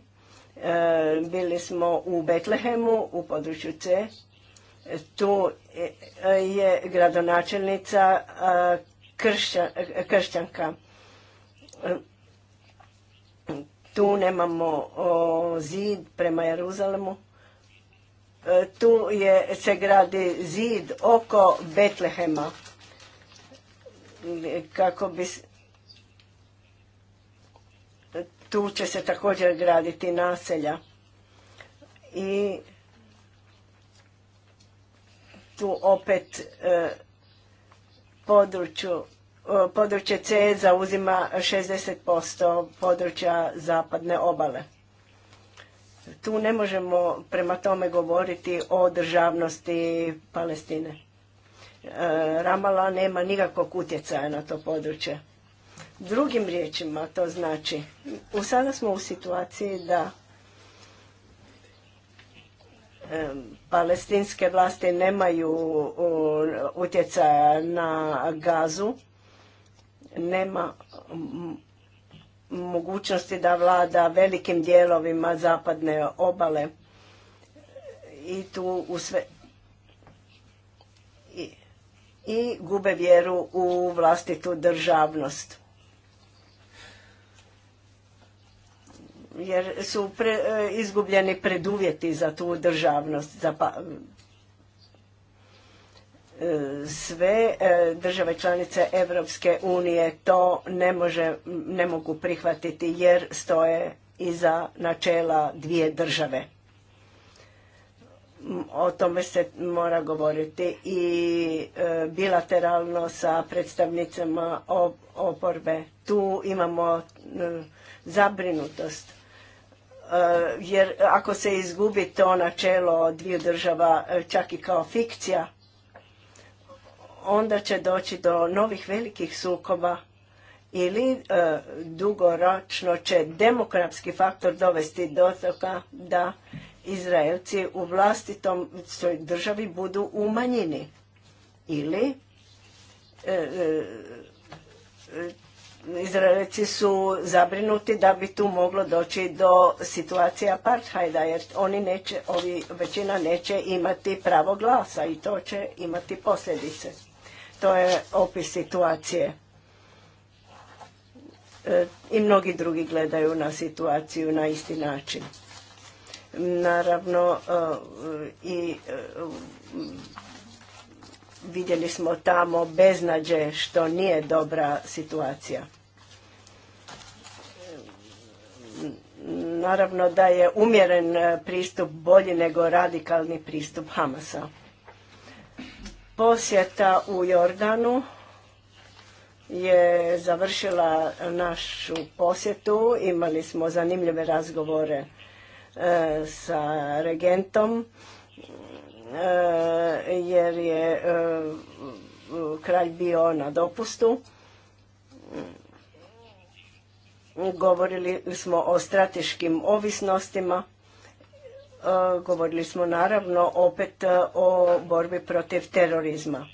e, bili smo u Betlehemu u području C. Tu je gradonačelnica kršćanka tu nemamo zid prema Jeruzalemu, e, tu je, se gradi zid oko Betlehema, e, kako bi tu će se također graditi naselja i tu opet e, području područje C zauzima 60% područja zapadne obale. Tu ne možemo prema tome govoriti o državnosti Palestine. E, Ramala nema nikakvog utjecaja na to područje. Drugim riječima to znači, sada smo u situaciji da palestinske vlasti nemaju utjecaja na gazu, nema mogućnosti da vlada velikim dijelovima zapadne obale i tu u sve i, gube vjeru u vlastitu državnost. Jer su e, izgubljeni preduvjeti za tu državnost, za pa- sve e, države članice Europske unije to ne, može, ne mogu prihvatiti jer stoje iza načela dvije države. O tome se mora govoriti i e, bilateralno sa predstavnicama oporbe. Tu imamo e, zabrinutost. Jer ako se izgubi to načelo dviju država čak i kao fikcija, onda će doći do novih velikih sukoba ili e, dugoročno će demokratski faktor dovesti do toga da Izraelci u vlastitom državi budu u manjini ili e, e, Izraelci su zabrinuti da bi tu moglo doći do situacije apartheida jer oni neće, ovi većina neće imati pravo glasa i to će imati posljedice. To je opis situacije. E, I mnogi drugi gledaju na situaciju na isti način. Naravno, e, i e, vidjeli smo tamo beznađe što nije dobra situacija. Naravno da je umjeren pristup bolji nego radikalni pristup Hamasa. Posjeta u Jordanu je završila našu posjetu. Imali smo zanimljive razgovore e, sa regentom e, jer je e, kralj bio na dopustu. Govorili smo o strateškim ovisnostima E, govorili smo naravno opet e, o borbi protiv terorizma.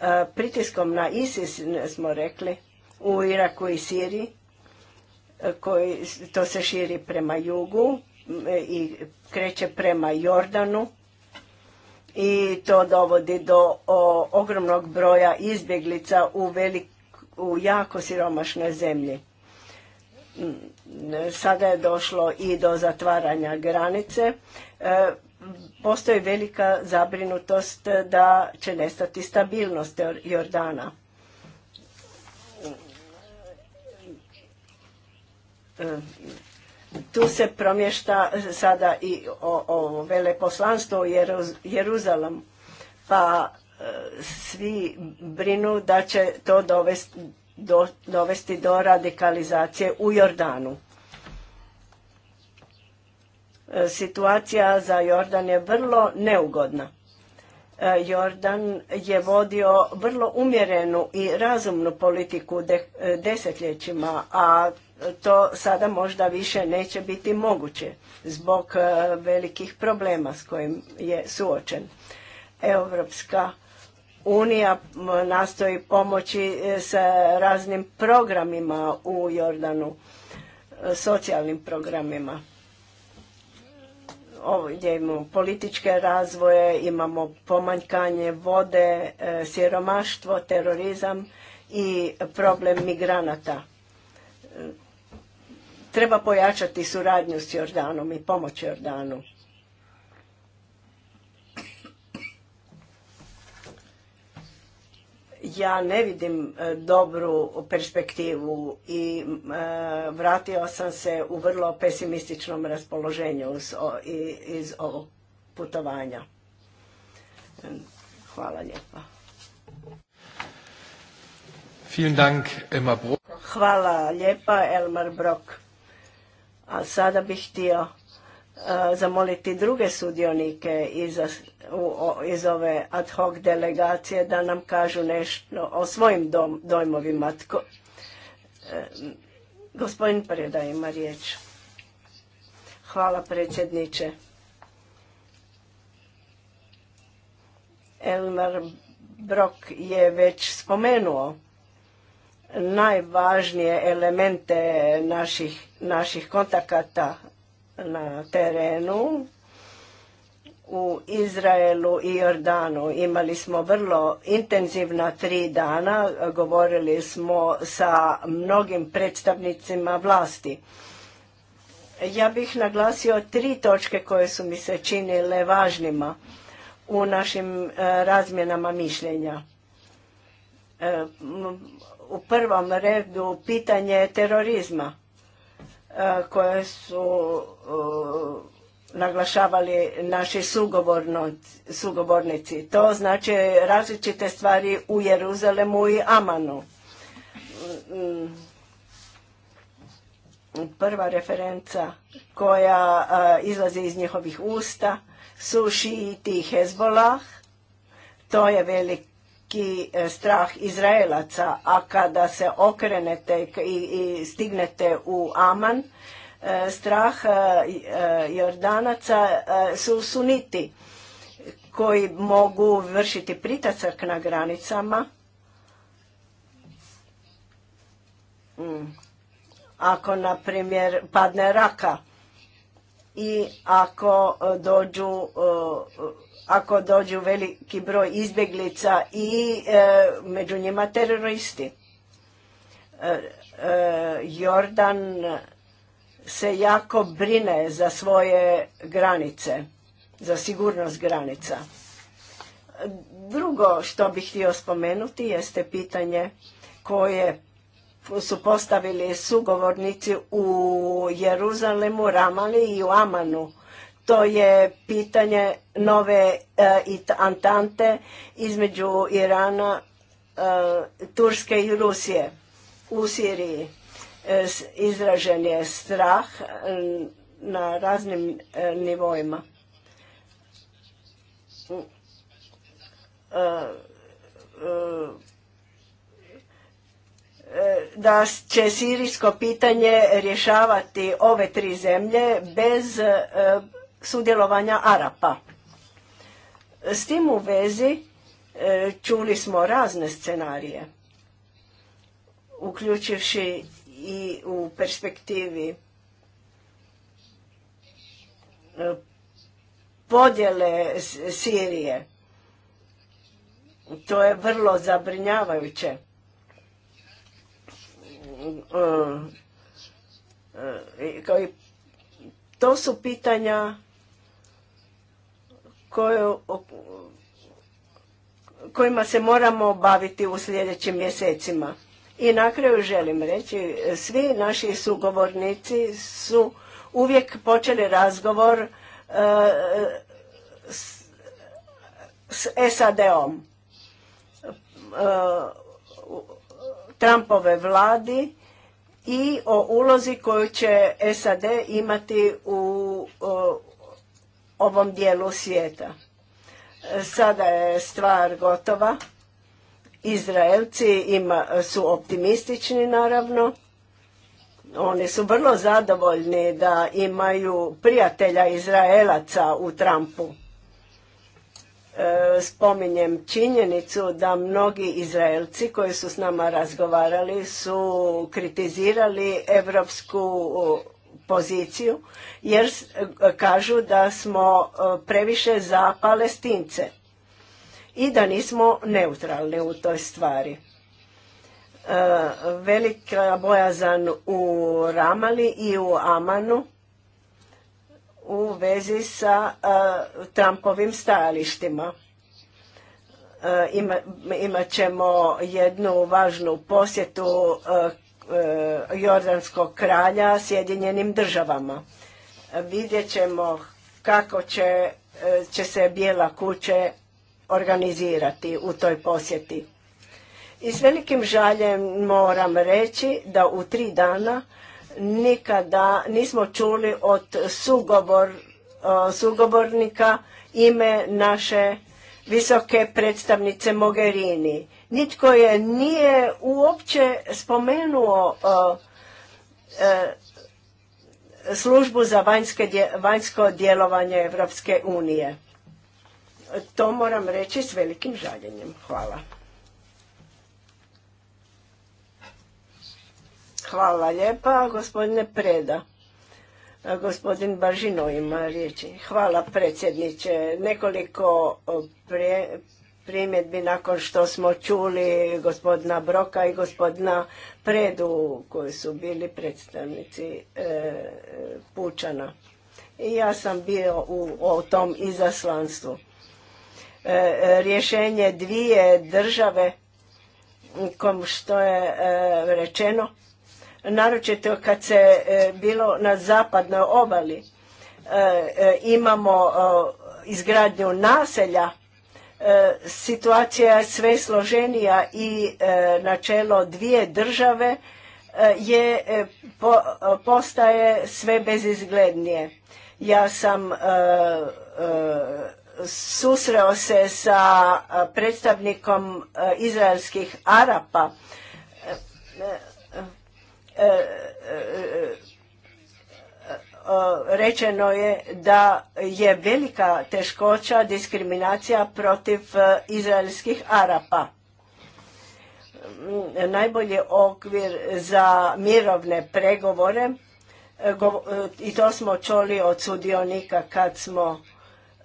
E, pritiskom na ISIS smo rekli u Iraku i Siriji, koji, to se širi prema jugu i kreće prema Jordanu i to dovodi do ogromnog broja izbjeglica u, u jako siromašnoj zemlji. Mm, e, sada je došlo i do zatvaranja granice. E, postoji velika zabrinutost da će nestati stabilnost Jordana. E, tu se promješta sada i ovo veleposlanstvo u Jeruzalem, pa svi brinu da će to dovesti dovesti do radikalizacije u Jordanu. E, situacija za Jordan je vrlo neugodna. E, Jordan je vodio vrlo umjerenu i razumnu politiku e, desetljećima, a to sada možda više neće biti moguće zbog velikih problema s kojim je suočen. Europska Unija nastoji pomoći e, sa raznim programima u Jordanu, e, socijalnim programima. Ovdje imamo političke razvoje, imamo pomanjkanje vode, e, siromaštvo, terorizam i problem migranata. Treba pojačati suradnju s Jordanom i pomoć Jordanu ja ne vidim e, dobru perspektivu i e, vratio sam se u vrlo pesimističnom raspoloženju iz ovog putovanja. Hvala lijepa. Hvala lijepa Elmar Brok. A sada bih htio e, zamoliti druge sudionike za iz ove ad hoc delegacije da nam kažu nešto o svojim dojmovima. E, gospodin Preda ima riječ. Hvala predsjedniče. Elmar Brok je već spomenuo najvažnije elemente naših kontakata na terenu u Izraelu i Jordanu. Imali smo vrlo intenzivna tri dana, govorili smo sa mnogim predstavnicima vlasti. Ja bih naglasio tri točke koje su mi se činile važnima u našim e, razmjenama mišljenja. E, u prvom redu pitanje terorizma e, koje su naglašavali naši sugovornici. To znači različite stvari u Jeruzalemu i Amanu. Mm, mm. Prva referenca koja izlazi iz njihovih usta su šiiti Hezbolah. To je veliki e, strah Izraelaca, a kada se okrenete i stignete u Aman, E, strah e, e, Jordanaca su suniti koji mogu vršiti pritacak na granicama. Mm. Ako, na primjer, padne raka i ako dođu ako dođu veliki broj izbjeglica i među njima teroristi. Jordan se jako brine za svoje granice, za sigurnost granica. Drugo što bih htio spomenuti jeste pitanje koje su postavili sugovornici u Jeruzalemu, Ramali i u Amanu. To je pitanje nove e, i antante između Irana, e, Turske i Rusije u Siriji. E, izražen je strah e, na raznim e, nivoima. Da će sirijsko pitanje rješavati ove tri zemlje bez sudjelovanja Arapa. S tim u vezi čuli smo razne scenarije, uključivši i u perspektivi e, podjele Sirije. To je vrlo zabrinjavajuće. E, e, to su pitanja kojima se moramo baviti u sljedećim mjesecima. I na kraju želim reći, svi naši sugovornici su uvijek počeli razgovor e, s, SAD-om. E, Trumpove vladi i o ulozi koju će SAD imati u ovom dijelu svijeta. E, sada je stvar gotova. Izraelci su optimistični naravno. Oni su vrlo zadovoljni da imaju prijatelja Izraelaca u Trumpu. E, spominjem činjenicu da mnogi Izraelci koji su s nama razgovarali su kritizirali evropsku poziciju jer kažu da smo e, previše za Palestince i da nismo neutralni u toj stvari. E, velika bojazan u Ramali i u Amanu u vezi sa e, Trumpovim stajalištima. E, Imaćemo ćemo jednu važnu posjetu Jordanskog kralja Sjedinjenim državama. Vidjet ćemo kako će, će se bijela kuće organizirati u toj posjeti. I s velikim žaljem moram reći da u tri dana nikada nismo čuli od sugovor, sugovornika ime naše visoke predstavnice Mogherini. Nitko je nije uopće spomenuo e, službu za vanjsko djelovanje Europske unije. To moram reći s velikim žaljenjem. Hvala. Hvala lijepa, gospodine Preda. Gospodin Bažino ima riječi. Hvala predsjedniče. Nekoliko primjedbi nakon što smo čuli gospodina Broka i gospodina Predu koji su bili predstavnici e, Pučana. I ja sam bio u, u tom izaslanstvu. E, e, rješenje dvije države kom što je e, rečeno naročito kad se bilo na zapadnoj obali imamo izgradnju naselja situacija je sve složenija i načelo dvije države je postaje sve bezizglednije ja sam susreo se sa e, predstavnikom e, izraelskih Arapa e, rečeno je da je velika teškoća diskriminacija protiv izraelskih Arapa. Mm, najbolji okvir za mirovne pregovore i to smo čuli od sudionika kad smo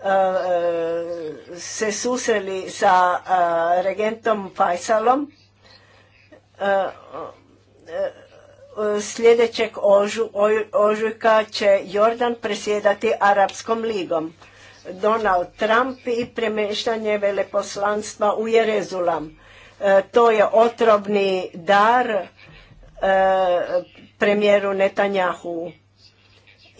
E, se susreli sa e, regentom Faisalom e, sljedećeg ožujka će Jordan presjedati Arapskom ligom. Donald Trump i premještanje veleposlanstva u Jerezulam. to je otrobni dar premijeru Netanjahu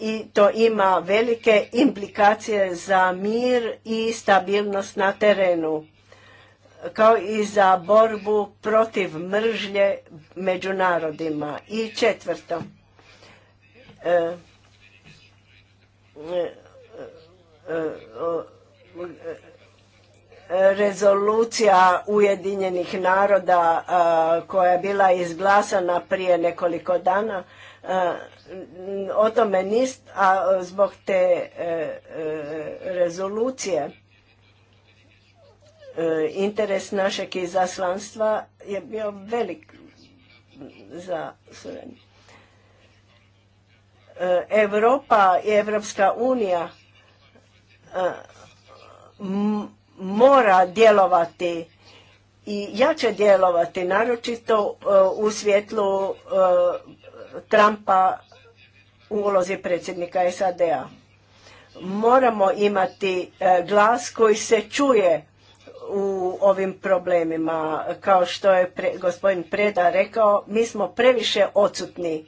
i to ima velike implikacije za mir i stabilnost na terenu kao i za borbu protiv mržnje među narodima. I četvrto, e, e, e rezolucija Ujedinjenih naroda koja je bila izglasana prije nekoliko dana o tome nist, a zbog te e, e, rezolucije e, interes našeg izaslanstva je bio velik za Sloveniju. Europa i Evropska unija mora djelovati i jače djelovati, naročito e, u svjetlu e, Trumpa u ulozi predsjednika SAD-a. Moramo imati e, glas koji se čuje u ovim problemima. Kao što je gospodin Preda rekao, mi smo previše odsutni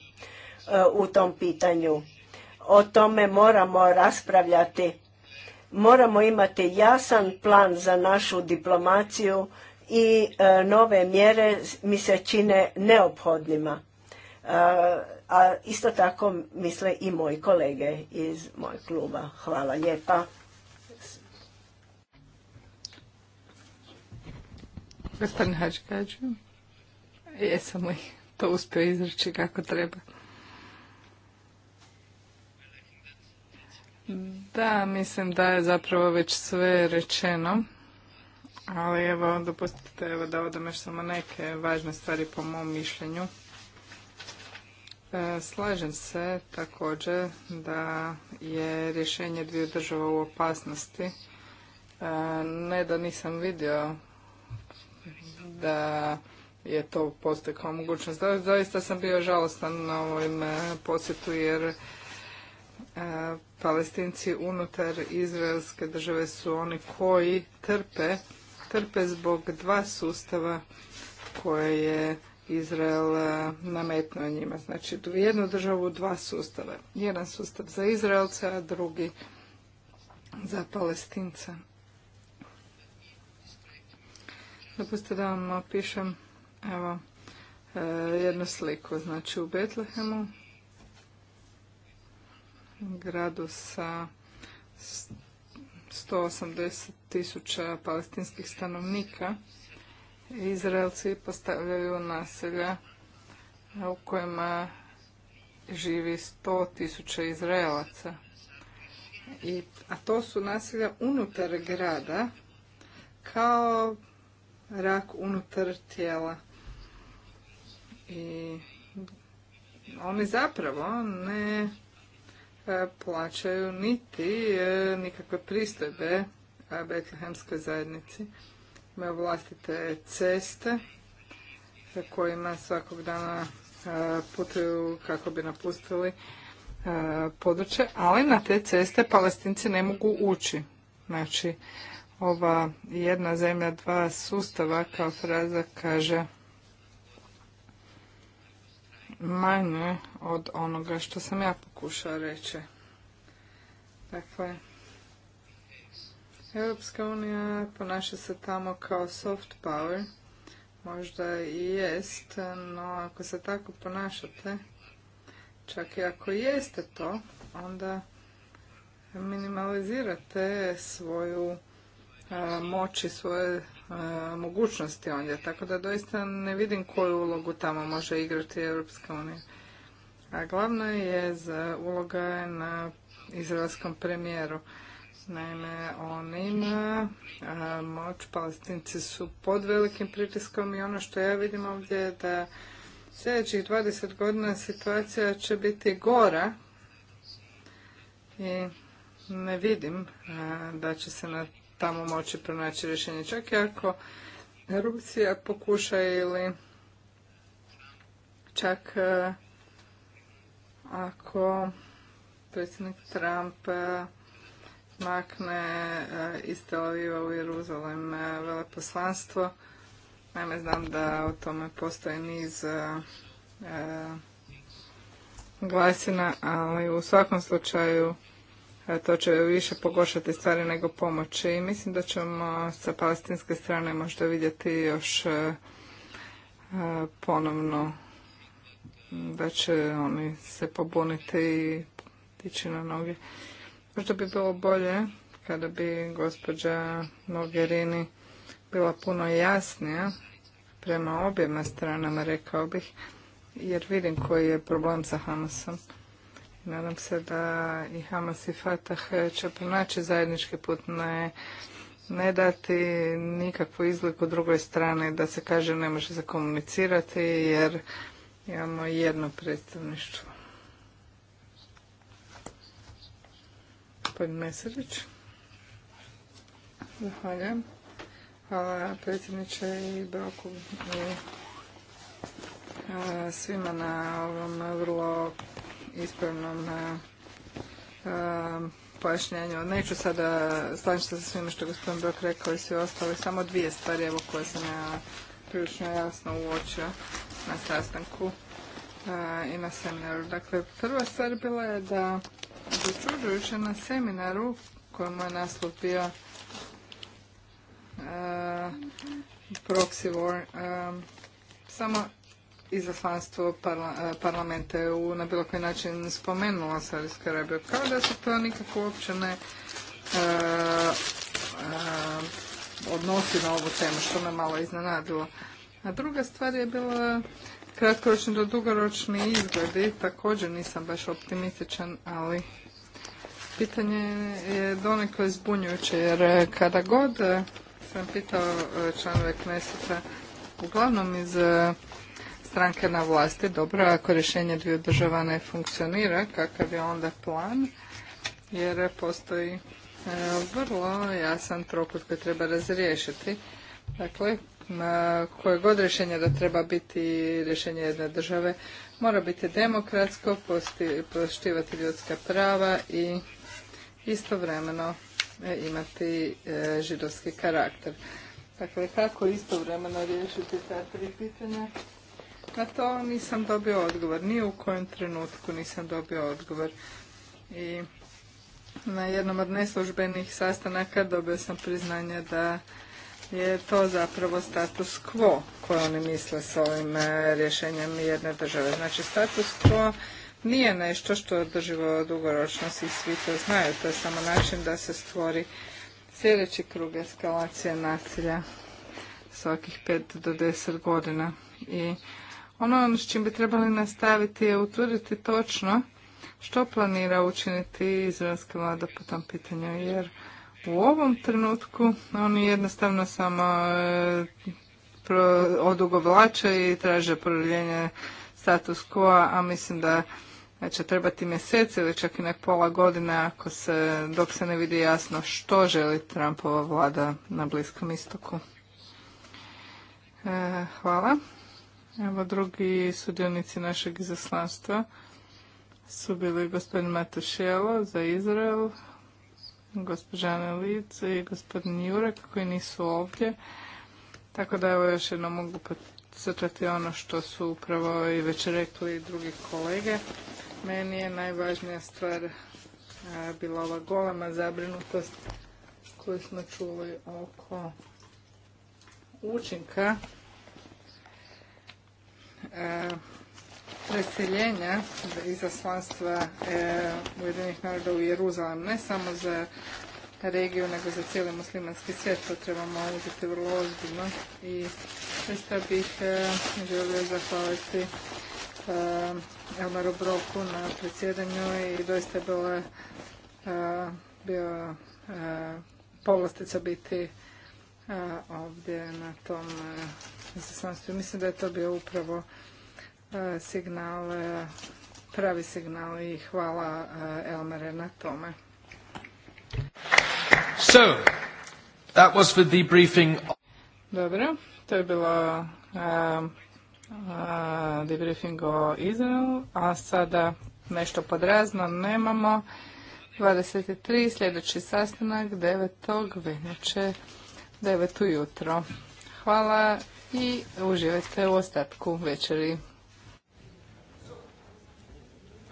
u tom pitanju. O tome moramo raspravljati Moramo imati jasan plan za našu diplomaciju i e, nove mjere mi se čine neophodnima. E, a isto tako misle i moji kolege iz mojeg kluba. Hvala lijepa. Gospodin Hačkađu, jesam li to uspio izreći kako treba? Da, mislim da je zapravo već sve rečeno. Ali evo, dopustite evo, da odam samo neke važne stvari po mom mišljenju. E, slažem se također da je rješenje dviju država u opasnosti. E, ne da nisam vidio da je to postoji kao mogućnost. Da, zaista sam bio žalostan na ovom e, posjetu jer palestinci unutar izraelske države su oni koji trpe, trpe zbog dva sustava koje je Izrael nametnuo njima. Znači jednu državu, dva sustava. Jedan sustav za Izraelca, a drugi za palestinca. Dopustite da vam opišem evo, e, jednu sliku. Znači u Betlehemu gradu sa 180 tisuća palestinskih stanovnika. Izraelci postavljaju naselja u kojima živi 100 tisuća Izraelaca. I, a to su naselja unutar grada kao rak unutar tijela. I oni zapravo ne E, plaćaju niti e, nikakve pristojbe Betlehemskoj zajednici. Imaju vlastite ceste e, kojima svakog dana putuju kako bi napustili područje, ali na te ceste palestinci ne mogu ući. Znači, ova jedna zemlja, dva sustava, kao fraza kaže, manje od onoga što sam ja pokušala reći. Dakle, Europska unija ponaša se tamo kao soft power, možda i jest, no ako se tako ponašate, čak i ako jeste to, onda minimalizirate svoju moć i svoje E, mogućnosti ondje, tako da doista ne vidim koju ulogu tamo može igrati Europska unija. A glavno je za uloga na izraelskom premijeru. Naime, on ima e, moć, palestinci su pod velikim pritiskom i ono što ja vidim ovdje je da sljedećih 20 godina situacija će biti gora i ne vidim e, da će se na tamo moći pronaći rješenje. Čak i ako Rusija pokuša ili čak e, ako predsjednik Trump e, makne e, iz Tel Aviva u Jeruzalem veleposlanstvo. Naime, znam da o tome postoji niz glasina, ali u svakom slučaju to će više pogošati stvari nego pomoći. I mislim da ćemo sa palestinske strane možda vidjeti još e, ponovno da će oni se pobuniti i tići na noge. Možda bi bilo bolje kada bi gospođa Mogherini bila puno jasnija prema objema stranama, rekao bih, jer vidim koji je problem sa Hamasom. Nadam se da i Hamas i Fatah će pronaći zajednički put, ne, ne dati nikakvu izliku drugoj strane da se kaže ne može se komunicirati jer imamo jedno predstavništvo. Gospodin Meserić. Zahvaljujem. Hvala predsjedniče i Broku i svima na ovom vrlo ispravnom eh, eh, pojašnjenju. Neću sada, slažem se sa svime što je gospodin Brok rekao i svi ostali, samo dvije stvari evo koje sam ja prilično jasno uočio na sastanku eh, i na seminaru. Dakle, prva stvar bila je da začuđujuće na seminaru kojemu je naslov bio proxy war, samo izaslanstvo eh, parlamenta EU na bilo koji način spomenula Saudijsku Arabiju. Kao da se to nikako uopće ne eh, eh, odnosi na ovu temu, što me malo iznenadilo. A druga stvar je bila kratkoročni do dugoročni izgledi. Također nisam baš optimističan, ali pitanje je donekle zbunjujuće, jer kada god sam pitao članove Kneseta, uglavnom iz stranke na vlasti. Dobro, ako rješenje dviju država ne funkcionira, kakav je onda plan? Jer postoji e, vrlo jasan trokut koji treba razriješiti. Dakle, koje god rješenje da treba biti rješenje jedne države, mora biti demokratsko, poštivati ljudska prava i istovremeno e, imati e, židovski karakter. Dakle, kako istovremeno riješiti ta tri pitanja? na to nisam dobio odgovor. Ni u kojem trenutku nisam dobio odgovor. I na jednom od neslužbenih sastanaka dobio sam priznanje da je to zapravo status quo koje oni misle s ovim e, rješenjem jedne države. Znači status quo nije nešto što je održivo dugoročno, svi svi to znaju. To je samo način da se stvori sljedeći krug eskalacije nasilja svakih pet do deset godina. I ono s čim bi trebali nastaviti je utvrditi točno što planira učiniti izraelska vlada po tom pitanju, jer u ovom trenutku oni jednostavno samo e, odugovlače i traže produljenje status quo, a mislim da će znači, trebati mjesece ili čak i nek pola godine ako se, dok se ne vidi jasno što želi Trumpova vlada na Bliskom istoku. E, hvala. Evo drugi sudionici našeg izaslanstva su bili gospodin Matušelo za Izrael, gospođa Anelic i gospodin Jurek koji nisu ovdje. Tako da evo još jednom mogu podcrtati ono što su upravo i već rekli i drugi kolege. Meni je najvažnija stvar e, bila ova golema zabrinutost koju smo čuli oko učinka E, preseljenja izaslanstva e, Ujedinih naroda u Jeruzalem, ne samo za regiju, nego za cijeli muslimanski svijet, to trebamo uzeti vrlo ozbiljno. I isto bih e, želio zahvaliti Elmaru Broku na predsjedanju i doista je bila bio povlastica biti ovdje na tom izaslanstvu. Mislim da je to bio upravo E, signal, pravi signal i hvala e, Elmere na tome. So, that was for Dobro, to je bilo e, debriefing o Izraelu, a sada nešto podrazno nemamo. 23. sljedeći sastanak 9. veljače 9. ujutro. Hvala i uživajte u ostatku večeri.